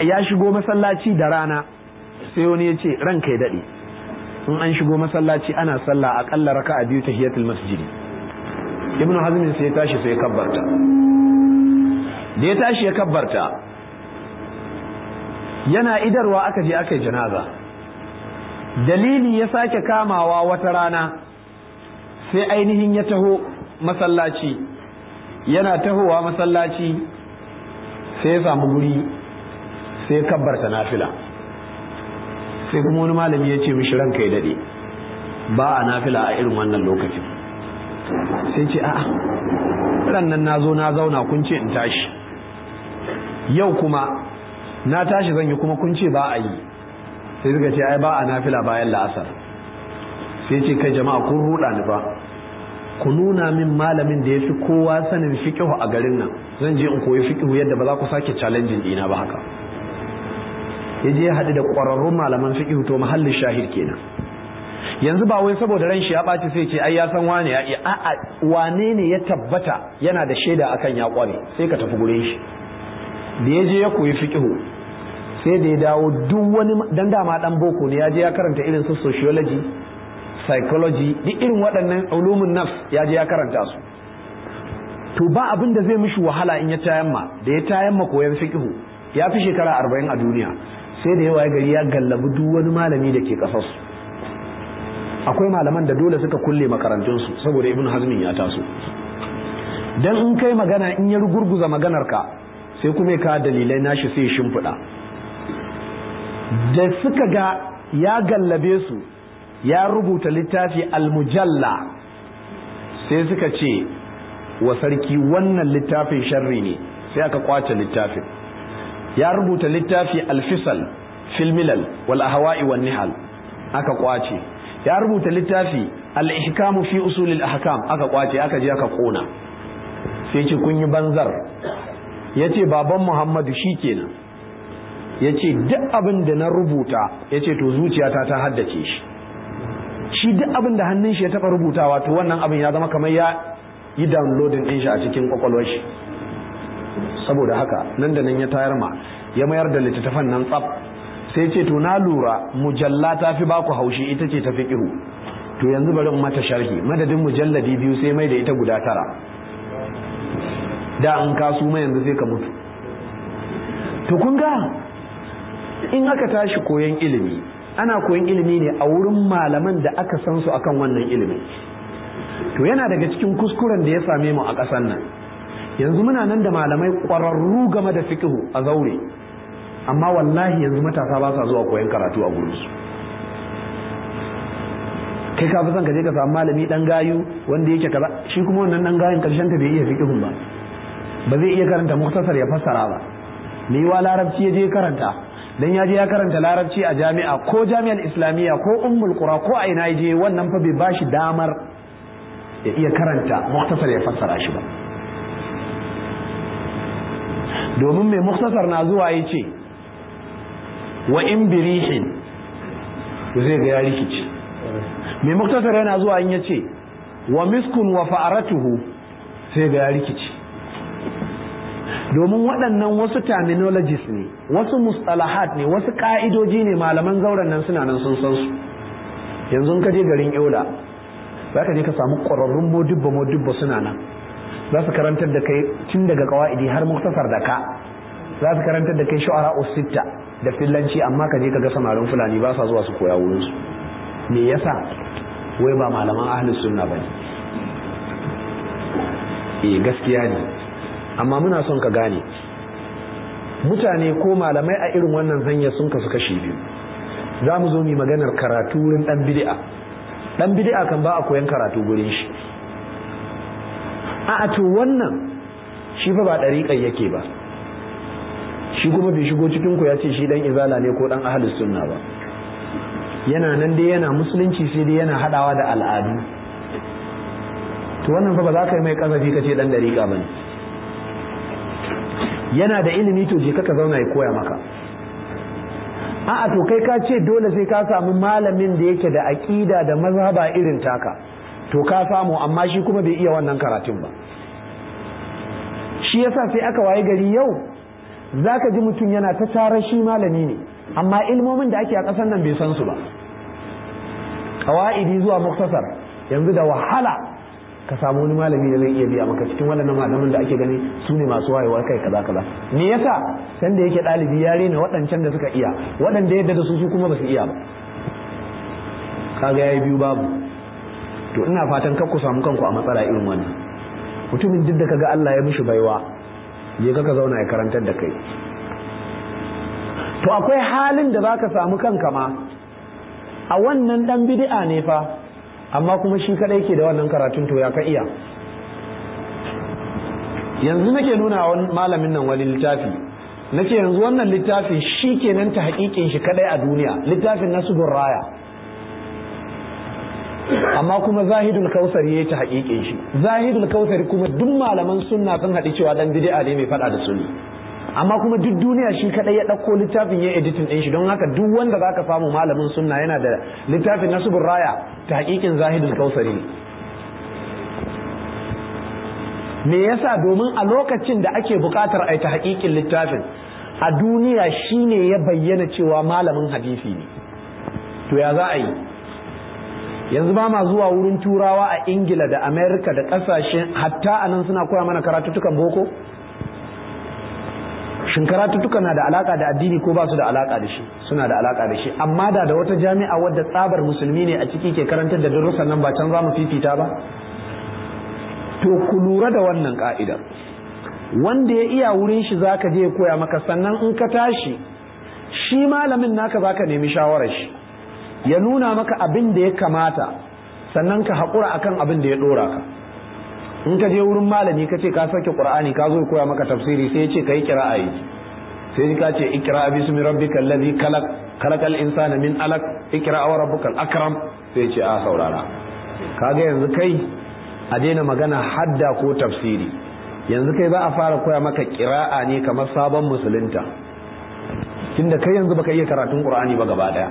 ya shigo masallaci da rana sai wani ya ce ran kai daɗe in an shigo masallaci ana sallah akalla raka a biyu ta ta masjidi ibnu hazmin sai ya tashi sai ya kabbarta da ya tashi ya kabbarta yana idarwa aka je aka yi janaza dalili ya sake kamawa wata rana sai ainihin ya taho masallaci yana tahowa masallaci sai ya samu guri sai ya kabbarta nafila sai kuma wani malami ya ce mishi ranka ya dade ba a nafila a irin wannan lokacin sai ce a'a ran na zo na zauna kun ce in tashi yau kuma na tashi zan yi kuma kun ce ba a yi sai suka ce ai ba a nafila bayan la'asar sai ce kai jama'a kun ruɗa ni ba ku nuna min malamin da ya fi kowa sanin fiƙihu a garin nan zan je in koyi fiƙihu yadda ba za ku sake challenging dina ba haka ya je ya haɗu da ƙwararrun malaman fiƙi to mahallin shahid kenan yanzu ba wai saboda ran shi ya ɓaci sai ce ai ya san wane ya a'a wane ne ya tabbata yana da shaida akan ya ƙware sai ka tafi gurin shi da ya je ya koyi fiƙihu sai da ya dawo duk wani dan dama dan boko ne ya je ya karanta irin su sociology psychology duk irin waɗannan ulumun nafs ya je ya karanta su to ba abin da zai mishi wahala in ya tayamma da ya tayamma koyon fiƙihu ya fi shekara arba'in a duniya sai da yawa gari ya gallabi duk wani malami da ke kasarsu akwai malaman da dole suka kulle makarantunsu saboda ibn hazmin ya taso dan in kai magana in ya rugurguza maganar ka sai kuma ka dalilai nashi sai shimfiɗa da suka ga ya gallabe su ya rubuta littafi almujalla sai suka ce wa sarki wannan littafin sharri ne sai aka kwace littafin ya rubuta littafi alfisal filmilal wal ahwa'i wan nihal aka kwace ya rubuta littafi al-ihkamu fi usulil ahkam aka kwace aka je aka kona sai ce kun yi banzar yace baban Muhammadu shikenan yace duk abin da na rubuta yace to zuciyata ta haddace shi shi duk abin da hannun shi ya taba rubutawa to wannan abin ya zama kamar ya yi downloading din shi a cikin kwakwalwar shi saboda haka nan da nan ya tayar ma ya mayar da littattafan nan tsaf sai ce to na lura mujalla ta fi baku haushi ita ce ta fi kihu to yanzu bari in mata sharhi madadin mujalladi biyu sai mai da ita guda tara da an kasu mai yanzu sai ka mutu to kun ga in aka tashi koyon ilimi ana koyon ilimi ne a wurin malaman da aka san su akan wannan ilimi to yana daga cikin kuskuren da ya same mu a ƙasar nan yanzu muna nan da malamai ƙwararru game da fikihu a zaure amma wallahi yanzu matasa ba sa zuwa koyon karatu a gurinsu kai ka fi ka je ka samu malami dan gayu wanda yake kaza shi kuma wannan dan gayun karshen ta bai iya fikihun ba ba zai iya karanta muktasar ya fassara ba me wa larabci ya je karanta dan ya je ya karanta larabci a jami'a ko jami'ar islamiyya ko ummul qura ko a ina je wannan fa bai bashi damar ya iya karanta muktasar ya fassara shi ba domin mai muktasar na zuwa ya ce wa in birihin zai ga ya rikici mai muktasar yana zuwa in ya ce wa miskun wa fa'aratuhu sai ga ya rikici domin waɗannan wasu terminologies ne wasu mustalahat ne wasu ƙa'idoji ne malaman zauren nan suna nan sun san su yanzu ka je garin yola za ka je ka samu ƙwararrun modibba modibba suna nan za su karantar da kai tun daga kawa'idi har muktasar da ka za su karantar da kai shu'ara Sitta da filanci amma ka je ka ga samarin fulani ba sa zuwa su koya wurin su me yasa wai ba malaman ahlus sunna bane eh gaskiya ne amma muna son ka gane mutane ko malamai a irin wannan zanya sun kasu kashi biyu za mu zo mu maganar karatu wurin dan bid'a dan bid'a kan ba a koyan karatu gurin shi a to wannan shi fa ba ɗariƙar yake ba shi kuma bai shigo cikin ku ya ce shi dan izala ne ko dan ahli sunna ba yana nan dai yana musulunci sai dai yana hadawa da al'adu to wannan fa ba za ka yi mai kazafi ka ce dan dariƙa bane yana da ilimi to je ka zauna ya koya maka a'a to kai ka ce dole sai ka samu malamin da yake da aƙida da mazhaba irin taka to ka samu amma shi kuma bai iya wannan karatun ba shi yasa sai aka waye gari yau zaka ji mutum yana ta tarar shi malami ne amma ilmomin da ake a ƙasar nan bai san su ba kawa'idi zuwa muktasar yanzu da wahala ka samu wani malami da zai iya biya maka cikin waɗannan malamin da ake gani su ne masu wayewa kai kaza kaza me yasa san da yake ɗalibi ya rena waɗancan da suka iya waɗanda yadda da su su kuma ba su iya ba kaga yayi biyu babu to ina fatan kar ku samu kanku a matsala irin wannan mutumin duk da kaga Allah ya mishi baiwa je ka zauna ya karantar da kai to akwai halin da zaka samu kanka ma a wannan dan bid'a ne fa amma kuma shi kadai ke da wannan karatun to ya ka iya yanzu nake nuna wa malamin nan wani littafi nake yanzu wannan littafin shi kenan ta hakikin shi kadai a duniya littafin na amma kuma zahidul kausari ya ta haƙiƙin shi zahidul kausari kuma duk malaman sunna sun haɗi cewa dan bid'a ne mai faɗa da sunni amma kuma duk duniya shi kaɗai ya ɗauko littafin ya editin ɗin shi don haka duk wanda za ka samu malamin sunna yana da littafin na raya ta haƙiƙin zahidul kausari me yasa domin a lokacin da ake buƙatar a ta haƙiƙin littafin a duniya shi ne ya bayyana cewa malamin hadisi ne to ya za a yi yanzu ba ma zuwa wurin turawa a ingila da amerika da kasashen hatta a nan suna koya mana karatuttukan boko shin karatuttuka na da alaka da addini ko ba su da alaka da shi suna da alaka da shi amma da da wata jami'a wadda tsabar musulmi ne a ciki ke karantar da darussan nan ba can za mu fifita ba to ku lura da wannan ka'idar wanda ya iya wurin shi zaka je koya maka sannan in ka tashi shi malamin naka zaka nemi shawarar shi ya nuna maka abin da ya kamata sannan ka haƙura akan abin da ya ɗora ka in ka je wurin malami ka ce ka sake ƙur'ani ka zo koya maka tafsiri sai ya ce ka yi yi sai ka ce bisu min rabbi allazi khalaq khalaqal insana min ikira a wa rabbukal akram sai ce a ah, saurara Ka ga yanzu kai a daina magana hadda ko tafsiri yanzu kai za a fara koya maka kira'a ne kamar sabon musulunta tunda kai yanzu baka iya karatun qur'ani ba gaba daya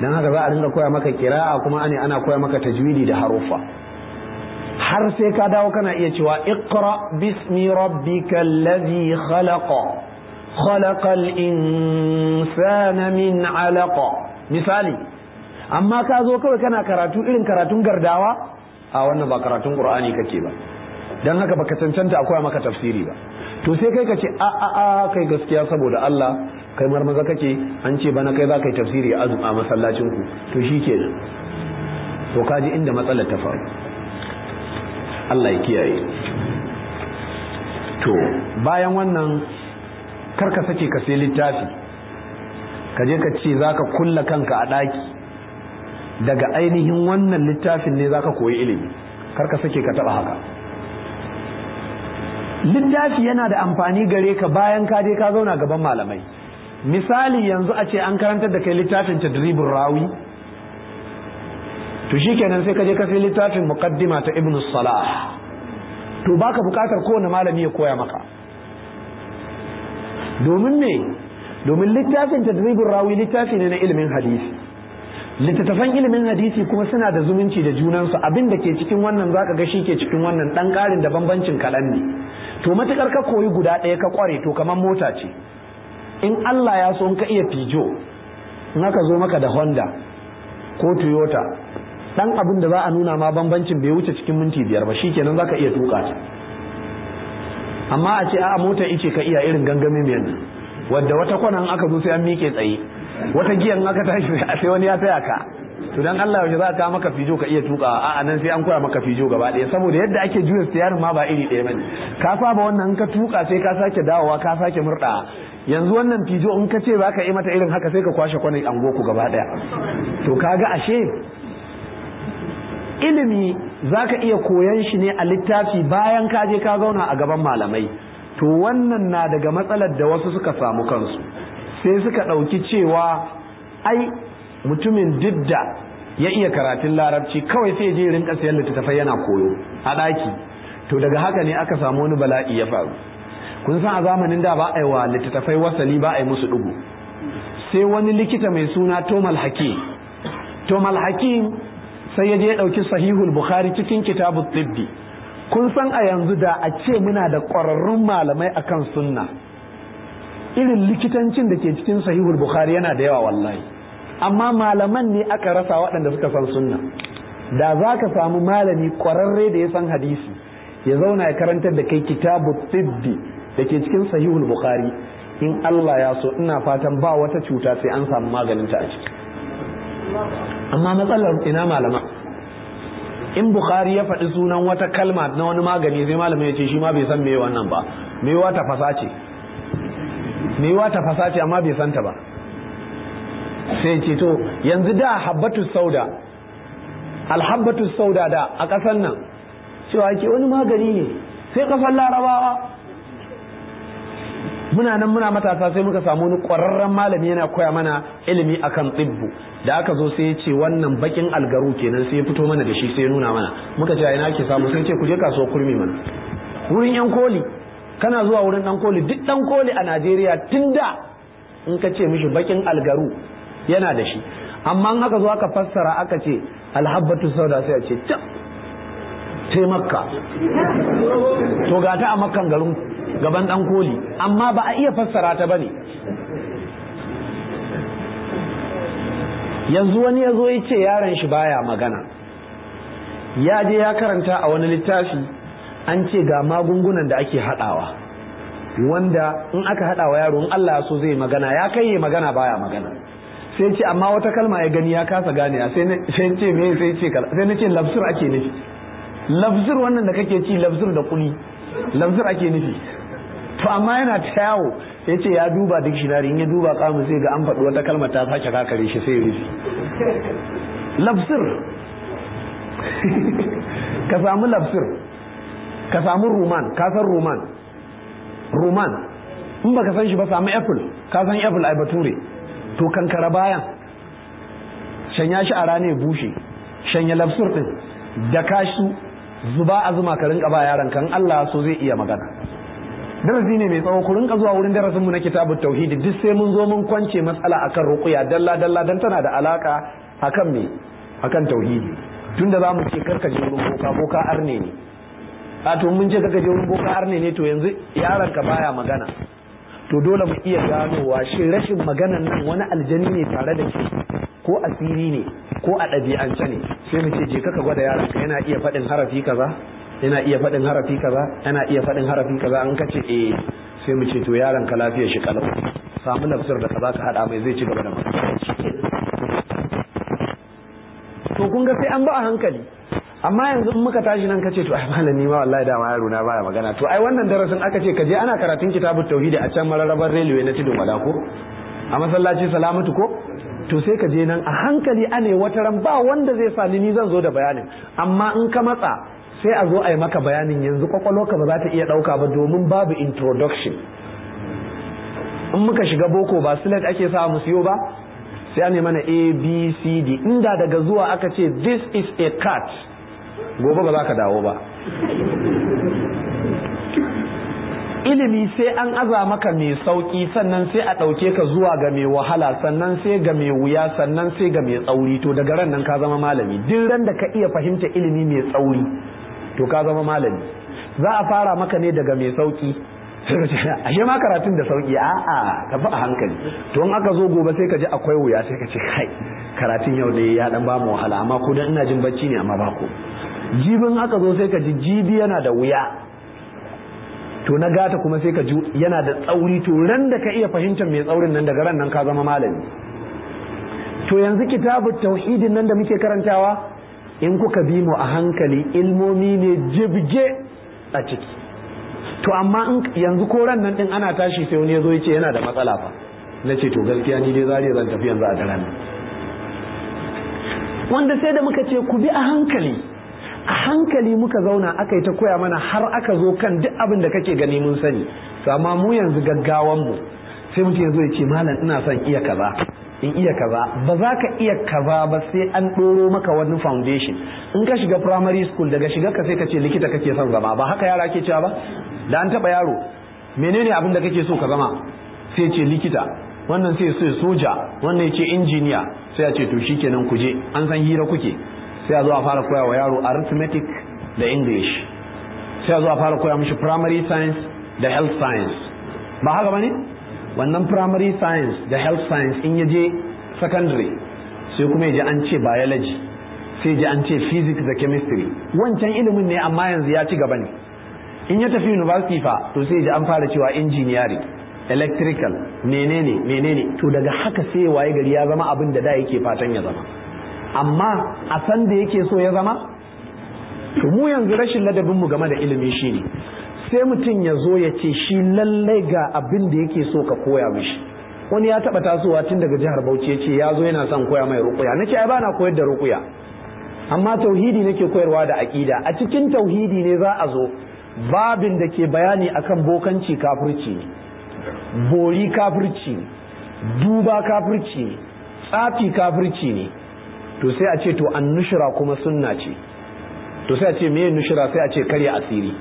dan haka za a dinga koya maka kira'a kuma ane ana koya maka tajwidi da haruffa har sai ka dawo kana iya cewa iqra bismi rabbikal ladhi khalaqa khalaqal insana min alaqa misali amma ka zo kawai kana karatu irin karatun gardawa a wannan ba karatun qur'ani kake ba dan haka baka cancanta a koya maka tafsiri ba to sai kai ka ce a a a kai gaskiya saboda Allah kai maza kake an ce bana kai za yi tafsiri a masallacin ku to shi nan. to kaji inda matsalar ta faru Allah ya kiyaye to bayan wannan karka sake ka sai littafi ka je ka ce za kulla kanka a ɗaki daga ainihin wannan littafin ne zaka koyi ilimi karka sake ka taba haka littafi yana da amfani gare ka bayan ka je ka zauna gaban malamai misali yanzu a ce an karanta da kai littafin tadribin rawi to shikenan sai ka je ka sai littafin muqaddima ta ibnu salah to baka bukatar kowane malami ya koya maka domin me domin littafin tadribin rawi littafi ne na ilimin hadisi littattafan ilimin hadisi kuma suna da zumunci da junansu abin da ke cikin wannan zaka ga shi ke cikin wannan dan karin da bambancin kaɗan ne to matukar ka koyi guda ɗaya ka kware to kamar mota ce in Allah ya so ka iya fijo in aka zo maka da Honda ko Toyota dan abin da za a nuna ma bambancin bai wuce cikin minti biyar ba shikenan zaka iya tuka ta amma a ce a mota ice ka iya irin gangamin mai nan wadda wata kwanan aka zo sai an miƙe tsaye wata giyan aka tashi sai wani ya taya ka to dan Allah yaushe za ka maka fijo ka iya tuka a nan sai an koya maka fijo gaba ɗaya saboda yadda ake juya siyarin ma ba iri ɗaya bane ka saba wannan ka tuka sai ka sake dawowa ka sake murda yanzu wannan fijo in ka ce baka yi mata irin haka sai ka kwashe kwanan ango ku gaba daya to kaga ashe ilimi zaka iya koyan shi ne a littafi bayan ka je ka zauna a gaban malamai to wannan na daga matsalar da wasu suka samu kansu sai suka ɗauki cewa ai mutumin didda ya iya karatun larabci kawai sai je rinka sayan littattafai yana koyo a ɗaki to daga haka ne aka samu wani bala'i ya faru kun san a zamanin da ba a yi wa littattafai wasali ba a yi musu dugu sai wani likita mai suna tomal hakim tomal hakim sai yaje ya ɗauki sahihul bukhari cikin kitabu tibbi kun san a yanzu da a ce muna da ƙwararrun malamai akan sunna irin likitancin da ke cikin sahihul bukhari yana da yawa wallahi amma malaman ne aka rasa waɗanda suka san sunna da za ka samu malami ƙwararre da ya san hadisi ya zauna ya karantar da kai kitabu tibbi da ke cikin sahihul bukhari in Allah ya so ina fatan ba wata cuta sai an samu maganin ta a ciki amma matsalar ina malama in bukhari ya faɗi sunan wata kalma na wani magani sai malamin ya ce shi ma bai san meye wannan ba ta tafasa ce ta tafasa ce amma bai santa ba sai ce to yanzu da habbatus sauda alhabbatus sauda da a ƙasar nan cewa ke wani magani ne sai kafan larabawa muna nan muna matasa sai muka samu wani ƙwararren malami yana koya mana ilimi akan tsibbu da aka zo sai ya ce wannan bakin algaru kenan sai ya fito mana da shi sai ya nuna mana muka ce ina ake samu sai ce ku je kasuwar kurmi mana wurin yan koli kana zuwa wurin dan koli duk dan koli a Najeriya tun da in ka ce mishi bakin algaru yana da shi amma in aka zo aka fassara aka ce alhabbatu sauda sai a ce ta makka to ga a makkan garin gaban dan koli amma ba a iya fassara ta bane yanzu wani ya zo ya ce yaron shi baya magana ya je ya karanta a wani littafi an ce ga magungunan da ake haɗawa wanda in aka haɗawa yaro in Allah so zai magana ya kai ya magana baya magana sai ce amma wata kalma ya gani ya kasa gane sai ce me sai ce sai na ce lafsir ake nufi lafsir wannan da kake ci lafsir da kuli lafsir ake nufi to amma yana ta yawo ya ce ya duba shi in ya duba kamu sai ga an faɗi wata kalmar ta sake kakare shi sai rufi lafsir ka samu lafsir ka samu ruman ka san ruman roman in ka san shi ba samu apple ka san apple ai bature to kankara bayan shanya shi a ya bushe shanya lafsir din da kashi zuba a zuma ka rinka ba yaran kan Allah so zai iya magana darasi ne mai tsawo ku rinka zuwa wurin darasinmu na kitabun tauhidi duk sai mun zo mun kwance matsala akan ruqya dalla dalla dan tana da alaka akan me akan tauhidi tunda zamu ce karka je wurin boka boka arne ne a to mun je karka je wurin boka arne ne to yanzu yaron ka baya magana to dole mu iya ganowa shin rashin maganan nan wani aljani ne tare da shi ko asiri ne ko a ɗabi'ance ne sai mu ce je kaka gwada yaron ka yana iya faɗin harafi kaza yana iya faɗin harafi kaza yana iya faɗin harafi kaza an kace eh sai mu ce to yaron ka lafiya shi kalau samu lafsar da kaza ka hada mai zai ci gaba da to kun ga sai an ba a hankali amma yanzu in muka tashi nan kace to ai malami ma wallahi da yaro na baya magana to ai wannan darasin aka ce ka je ana karatun kitabut tauhidi a can mararabar railway na tudun wada ko a masallaci salamatu ko to sai ka je nan a hankali ane wata ran ba wanda zai sani ni zan zo da bayanin amma in ka matsa sai a zo a yi maka bayanin yanzu kwakwalwarka ba za ta iya ɗauka ba domin babu introduction in muka shiga boko ba silat ake sa mu siyo ba sai an mana a b c d inda daga zuwa aka ce this is a cat gobe ba za ka dawo ba ilimi sai an aza maka mai sauki sannan sai a ɗauke ka zuwa ga mai wahala sannan sai ga mai wuya sannan sai ga mai tsauri to daga ran nan ka zama malami duk ran da ka iya fahimta ilimi mai tsauri to ka zama malami za a fara maka ne daga mai sauki ashe ma karatun da sauki a'a a fi a hankali to in aka zo gobe sai ka ji akwai wuya sai ka ce kai karatun yau ne ya dan ba mu wahala amma ko dan ina jin bacci ne amma ba ko jibin aka zo sai ka ji jibi yana da wuya to na gata kuma sai ka ji yana da tsauri to ran da ka iya fahimtar mai tsaurin nan daga ran nan ka zama malami to yanzu kitabut tauhidin nan da muke karantawa in kuka bi mu a hankali ilmomi ne jibge a ciki to amma yanzu koran nan din ana tashi sai wani ya zo ya ce yana da matsala fa na ce to gaskiya ni dai zari zan tafi yanzu a daren wanda sai da muka ce ku bi a hankali a hankali muka zauna aka yi ta koya mana har aka zo kan duk abin da kake gani mun sani to amma mu yanzu gaggawan mu sai mutum ya zo ya ce malam ina son iya kaza in iya kaza ba za ka iya kaza ba sai an ɗoro maka wani foundation in ka shiga primary school daga shiga ka sai ka ce likita kake son zama ba haka yara ke cewa ba da an taɓa yaro menene abin da kake so ka zama sai ce likita wannan sai so soja wannan ya ce injiniya sai a ce to shikenan ku je an san hira kuke sai a zo a fara koya wa yaro arithmetic da english sai a zo a fara koya mishi primary science da health science ba haka ba ne. wannan primary science da health science in yaje je secondary sai kuma ya an ce biology sai ji an ce physics da chemistry wancan ilimin ne amma yanzu ya ci gaba ne in ya tafi university fa to sai ji an fara cewa engineering electrical menene menene to daga haka sai waye gari ya zama abin da da yake fatan ya zama amma a san da yake so ya zama to mu yanzu rashin ladabin mu game da ilimi shine sai mutum ya zo ya ce shi lallai ga abin da yake so ka koya mishi wani ya taba tasowa tun daga jihar Bauchi ya ce ya zo yana son koya mai rukuya ce ai bana koyar da rukuya amma tauhidi nake koyarwa da aƙida a cikin tauhidi ne za a zo babin da ke bayani akan bokanci kafirci ne bori kafirci duba kafirci tsafi kafirci ne to sai a ce to an nushira kuma sunna ce to sai a ce meye nushira sai a ce karya asiri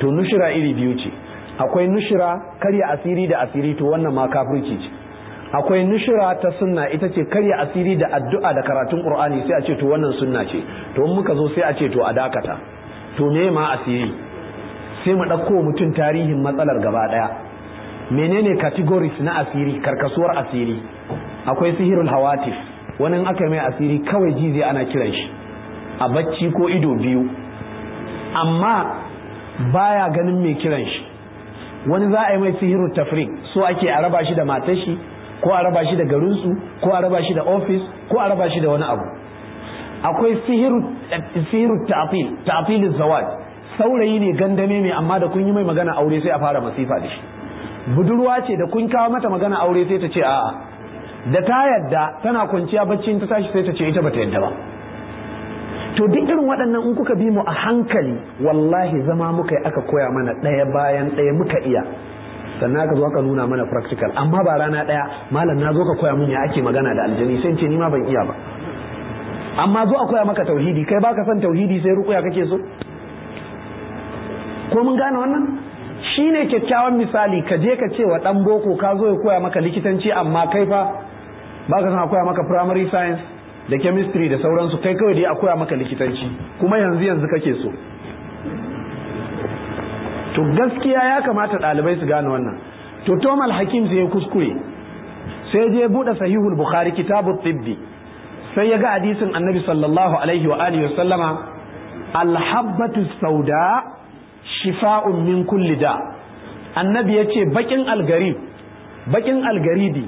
to nushira iri biyu ce akwai nushira karya asiri da asiri to wannan ma kafirci ce akwai nushira ta sunna ita ce karya asiri da addu'a da karatun qur'ani sai a ce to wannan sunna ce to in muka zo sai a ce to a dakata to me ma asiri sai mu ɗauko mutum tarihin matsalar gaba ɗaya menene categories na asiri karkasuwar asiri akwai sihirul hawatif wani aka mai asiri kawai jizai ana kiran shi a bacci ko ido biyu amma baya ganin mai kiran shi wani za a yi mai sihiru tafrik so ake a raba shi da matar shi ko a raba shi da garinsu ko a raba shi da ofis ko a raba shi da wani abu akwai sihiru ta'afil ta'afilin zawad saurayi ne gandame mai amma da kun yi mai magana aure sai a fara masifa da shi budurwa ce da kun kawo mata magana aure sai ta ce a'a da ta yadda tana kwanciya bacci ta tashi sai ta ce ita bata yadda ba to duk irin waɗannan in kuka bi mu a hankali wallahi zama muka yi aka koya mana ɗaya bayan ɗaya muka iya sannan aka zo aka nuna mana practical amma ba rana ɗaya malam na zo ka koya mun ya ake magana da aljani sai ce ni ma ban iya ba amma zo a koya maka tauhidi kai baka son tauhidi sai rukuya kake so ko mun gane wannan shine kyakkyawan misali ka je ka ce wa dan boko ka zo ya koya maka likitanci amma kai fa baka son a koya maka primary science da chemistry da sauransu kai kawai dai a koya maka likitanci kuma yanzu yanzu kake so to gaskiya ya kamata dalibai su gane wannan to tomal hakim sai ya kuskure sai je buɗe sahihul bukhari kitabu tibbi sai ya ga hadisin annabi sallallahu alaihi wa alihi wa sallama alhabbatu sauda shifa'un min kulli da annabi yace ce bakin algarib bakin algaribi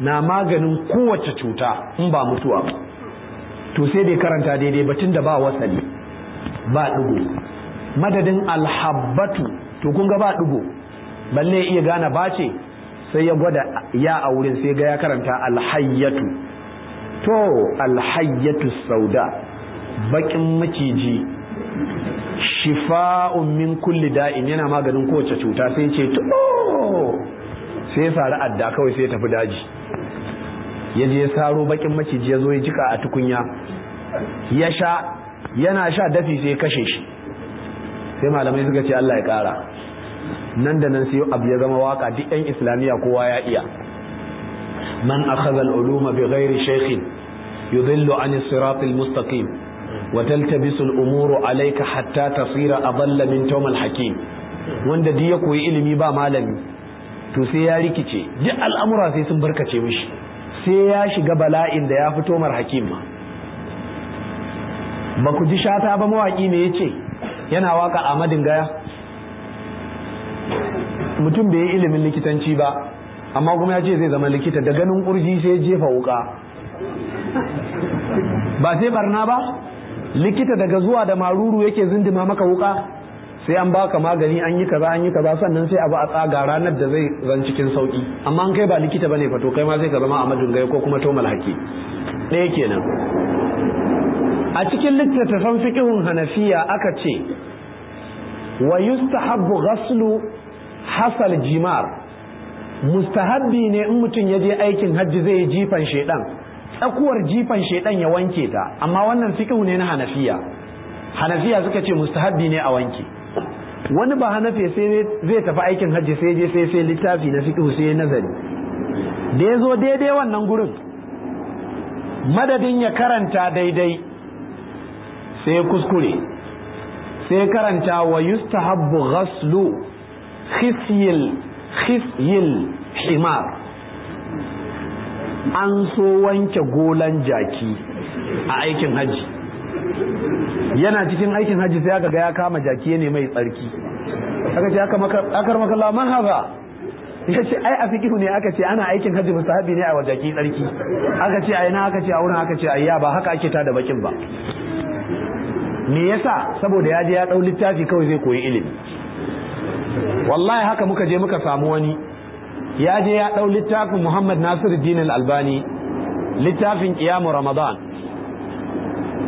na maganin kowace cuta in ba mutuwa ba to sai dai karanta daidai batun da ba wasali ba ɗigo madadin alhabbatu to kun ga ba ɗigo balle iya gane ba ce sai ya gwada ya a wurin sai ga ya karanta alhayyatu to alhayyatu sauda bakin maciji shifa'un min kulli da'in yana maganin kowace cuta sai ce to sai sari adda kawai sai tafi daji ya je saro bakin maciji ya zo ya jika a tukunya ya sha yana sha dafi sai kashe shi sai malamai suka ce Allah ya kara nan da nan sai abu ya zama waka duk yan islamiyya kowa ya iya man akhadha al-uluma bi ghairi shaykhin yudhillu an as-siratil mustaqim wa taltabisu al-umuru alayka hatta tasira adalla min tawm hakim wanda duk ya koyi ilimi ba malami to sai ya rikice duk al'amura sai sun barkace mishi sai ya shiga bala'in da ya fito mar hakim ba ku ji shata ba mawaƙi ne ya ce yana waka amadin gaya mutum bai yi ilimin likitanci ba amma kuma ya ce zai zama likita da ganin ƙurji sai jefa wuka ba sai barna ba likita daga zuwa da maruru yake zindima maka wuka sai an baka magani an yi kaza an yi kaza sannan sai abu a tsaga ranar da zai zan cikin sauki amma an kai ba likita bane fa to kai ma zai ka zama a majungai ko kuma tomal haki ɗaya kenan a cikin littattafan fiqhun hanafiya aka ce wa yustahabbu ghaslu hasal jimar mustahabbi ne in mutum ya je aikin hajji zai yi jifan shedan tsakuwar jifan shedan ya wanke ta amma wannan fiqhu ne na hanafiya hanafiya suka ce mustahabbi ne a wanke wani ba hanafi sai zai tafi aikin hajji sai je sai sai littafi na fiqh sai ya nazari da ya zo daidai wannan gurin madadin ya karanta daidai sai kuskure sai karanta wa yustahabbu ghaslu khisyil khisyil himar an so wanke golan jaki a aikin hajji yana cikin aikin hajji sai aka ga ya kama jaki ne mai tsarki aka ce aka makalla man haza ya ce ai a fikihu ne aka ce ana aikin hajji musahabi ne a wa jaki tsarki aka ce ai na aka ce a wurin aka ce ai ya ba haka ake tada bakin ba me yasa saboda ya je ya dau littafi kawai zai koyi ilimi wallahi haka muka je muka samu wani ya je ya dau littafin Muhammad Nasiruddin Al-Albani littafin Qiyamu Ramadan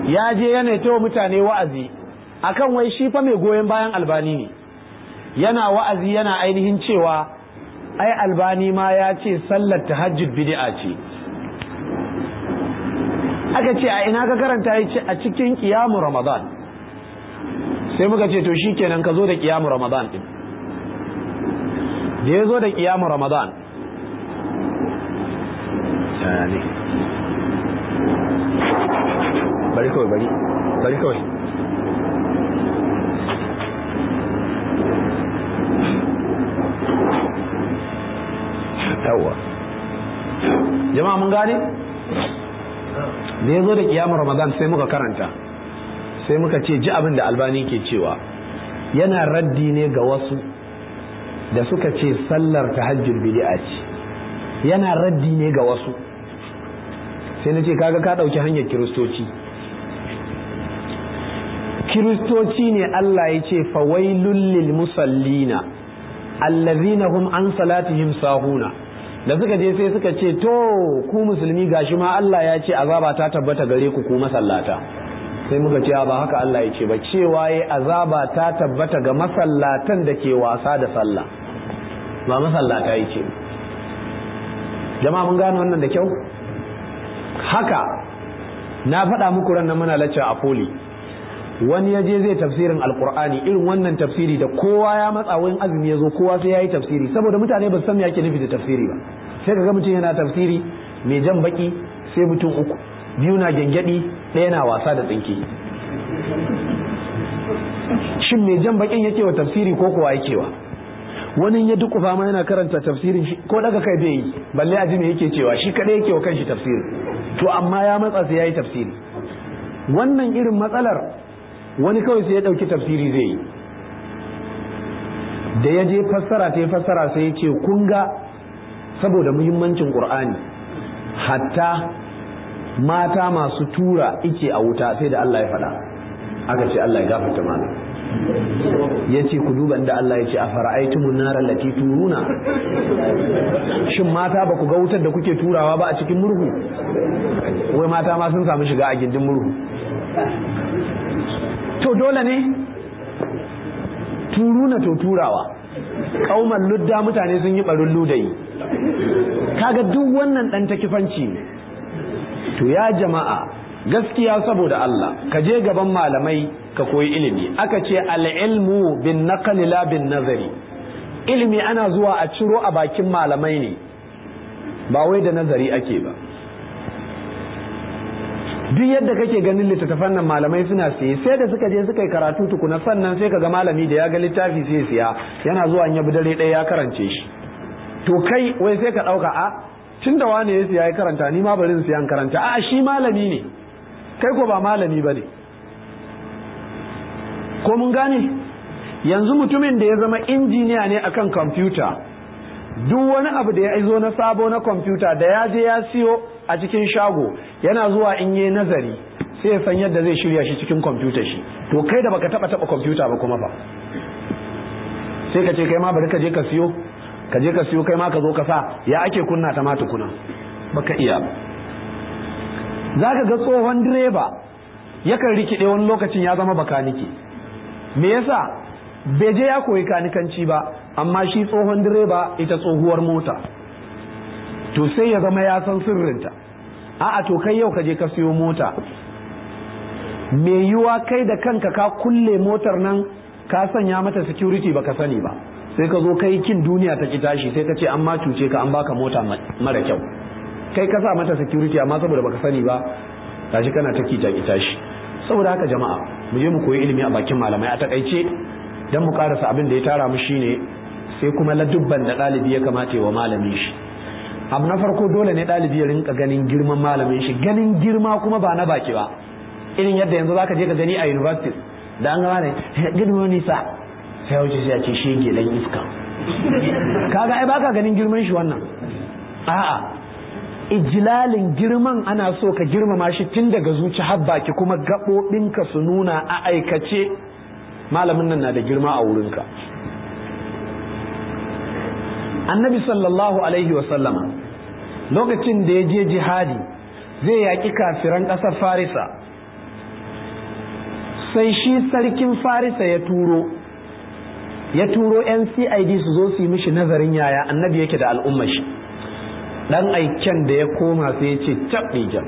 ya je yana ta wa mutane wa'azi akan wai shi fa mai goyon bayan albani ne yana wa'azi yana ainihin cewa ai albani ma ya ce sallar ta tahajjud bid'a ce aka ce a ina ka karanta ya ce a cikin kiyamu ramadan sai muka ce to shikenan ka zo da kiyamu ramadan din da ya zo da kiyamu ramadan bari kawai bari bari kawai yawa jama'a mun gane da ya zo da kiyamar ramadan sai muka karanta sai muka ce ji abin da albani ke cewa yana raddi ne ga wasu da suka ce sallar tahajjud bid'a ce yana raddi ne ga wasu sai na ce kaga ka ɗauki hanyar kiristoci kiristoci ne Allah ya ce fawailul lil musallina allazina hum an salatihim sahuna da suka je sai suka ce to ku musulmi gashi ma Allah ya ce azaba ta tabbata gare ku ku masallata sai muka ce ba haka Allah ya ce ba cewa ya azaba ta tabbata ga masallatan da ke wasa da sallah ba masallata yake jama'a mun gane wannan da kyau haka na faɗa muku ran nan muna lacca a foli. wani ya je zai tafsirin alkur'ani irin wannan tafsiri da kowa ya matsa wani azumi ya zo kowa sai ya yi tafsiri saboda mutane ba su san me ake nufi da tafsiri ba sai kaga mutum yana tafsiri mai jan baki sai mutum uku biyu na gyangyaɗi ɗaya na wasa da tsinke shin mai jan bakin yake wa tafsiri ko kuwa yake wa wani ya duk kufa yana karanta tafsirin shi ko daga kai bai yi balle a ji me yake cewa shi kadai yake wa kanshi tafsiri to amma ya matsa sai ya yi tafsiri wannan irin matsalar wani kawai sai ya ɗauki tafsiri zai yi da ya je fassara ta fassara sai ya ce kun ga saboda muhimmancin ƙur'ani hatta mata masu tura ike a wuta sai da Allah ya faɗa aka ce Allah ya gafarta mana ya ce ku duba inda Allah ya ce a fara'aitumun nara lati turuna shin mata ba ku ga wutar da kuke turawa ba a cikin murhu wai mata ma sun samu shiga a gindin murhu to dole ne turu na to turawa kauman ludda mutane sun yi barin ludayi kaga duk wannan dan takifanci ne to ya jama'a gaskiya saboda Allah ka je gaban malamai ka koyi ilimi aka ce al-ilmu bin naqli la bin nazari ilimi ana zuwa a ciro a bakin malamai ne ba wai da nazari ake ba duk yadda kake ganin littattafan nan malamai suna siye sai da suka je suka yi karatu tukuna sannan sai kaga malami da ya ga littafi sai siya yana zuwa ya bi dare ɗaya ya karance shi to kai wai sai ka ɗauka a tun da wane ya siya ya karanta ni ma bari in siya karanta a shi malami ne kai ko ba malami ba ne ko mun gane yanzu mutumin da ya zama injiniya ne akan kwamfuta duk wani abu da ya zo na sabo na kwamfuta da ya je ya siyo a cikin shago yana zuwa in yi nazari sai ya san yadda zai shirya shi cikin kwamfuta shi to kai da baka taba taba kwamfuta ba kuma ba sai ka ce kai ma bari ka je ka siyo ka je ka siyo kai ma ka zo ka sa ya ake kunna ta ma tukuna baka iya za ka ga tsohon direba yakan rikide wani lokacin ya zama bakaniki. me yasa bai je ya koyi kanikanci ba amma shi tsohon direba ita tsohuwar mota to sai ya zama ya san sirrinta a'a to kai yau ka je ka siyo mota mai yiwa kai da kanka ka kulle motar nan ka sanya mata security baka sani ba sai ka zo kai kin duniya ta ki tashi sai ka ce an cuce ka an baka mota mara kyau kai ka sa mata security amma saboda baka sani ba tashi kana ta ki ki tashi saboda haka jama'a mu je mu koyi ilimi a bakin malamai a takaice dan mu karasa abin da ya tara mu shine sai kuma ladubban da ɗalibi ya kamata wa malamin shi abu na farko dole ne ɗalibi ya rinka ganin girman malamin shi ganin girma kuma ba na baki ba irin yadda yanzu zaka je ka gani a university da an gama ne girman nisa sai wuce sai a ce shege dan iska kaga ai baka ganin girman shi wannan a'a ijilalin girman ana so ka girmama shi tun daga zuci har baki kuma gaɓoɓinka su nuna a aikace malamin nan na da girma a wurinka annabi sallallahu alaihi wasallama lokacin da ya je jihadi zai yaƙi kafiran ƙasar farisa sai shi sarkin farisa ya turo ya turo yan cid su zo su yi mishi nazarin yaya annabi yake da al'ummar shi dan aiken da ya koma sai ya ce tabbe jam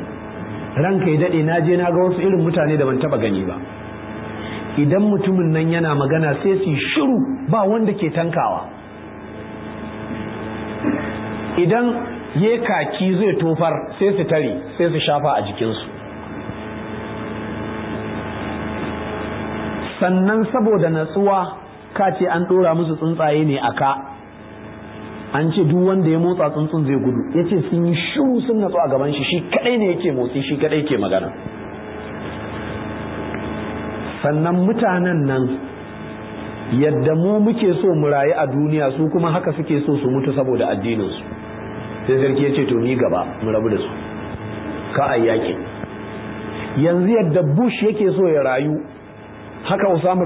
ranka ya daɗe na je na ga wasu irin mutane da ban taɓa gani ba idan mutumin nan yana magana sai su shiru ba wanda ke tankawa idan ya kaki zai tofar sai su tare sai su shafa a jikinsu sannan saboda natsuwa kace an ɗora musu tsuntsaye ne a ka an ce duk wanda ya motsa tsuntsun zai gudu ya ce sun yi shiru sun natsu a gaban shi shi kadai ne yake motsi shi kadai ke magana sannan mutanen nan yadda mu muke so mu rayu a duniya su kuma haka suke so su mutu saboda addinin su sai sarki ya ce to ni gaba mu rabu da su ka a yaƙi yanzu yadda bush yake so ya rayu haka usama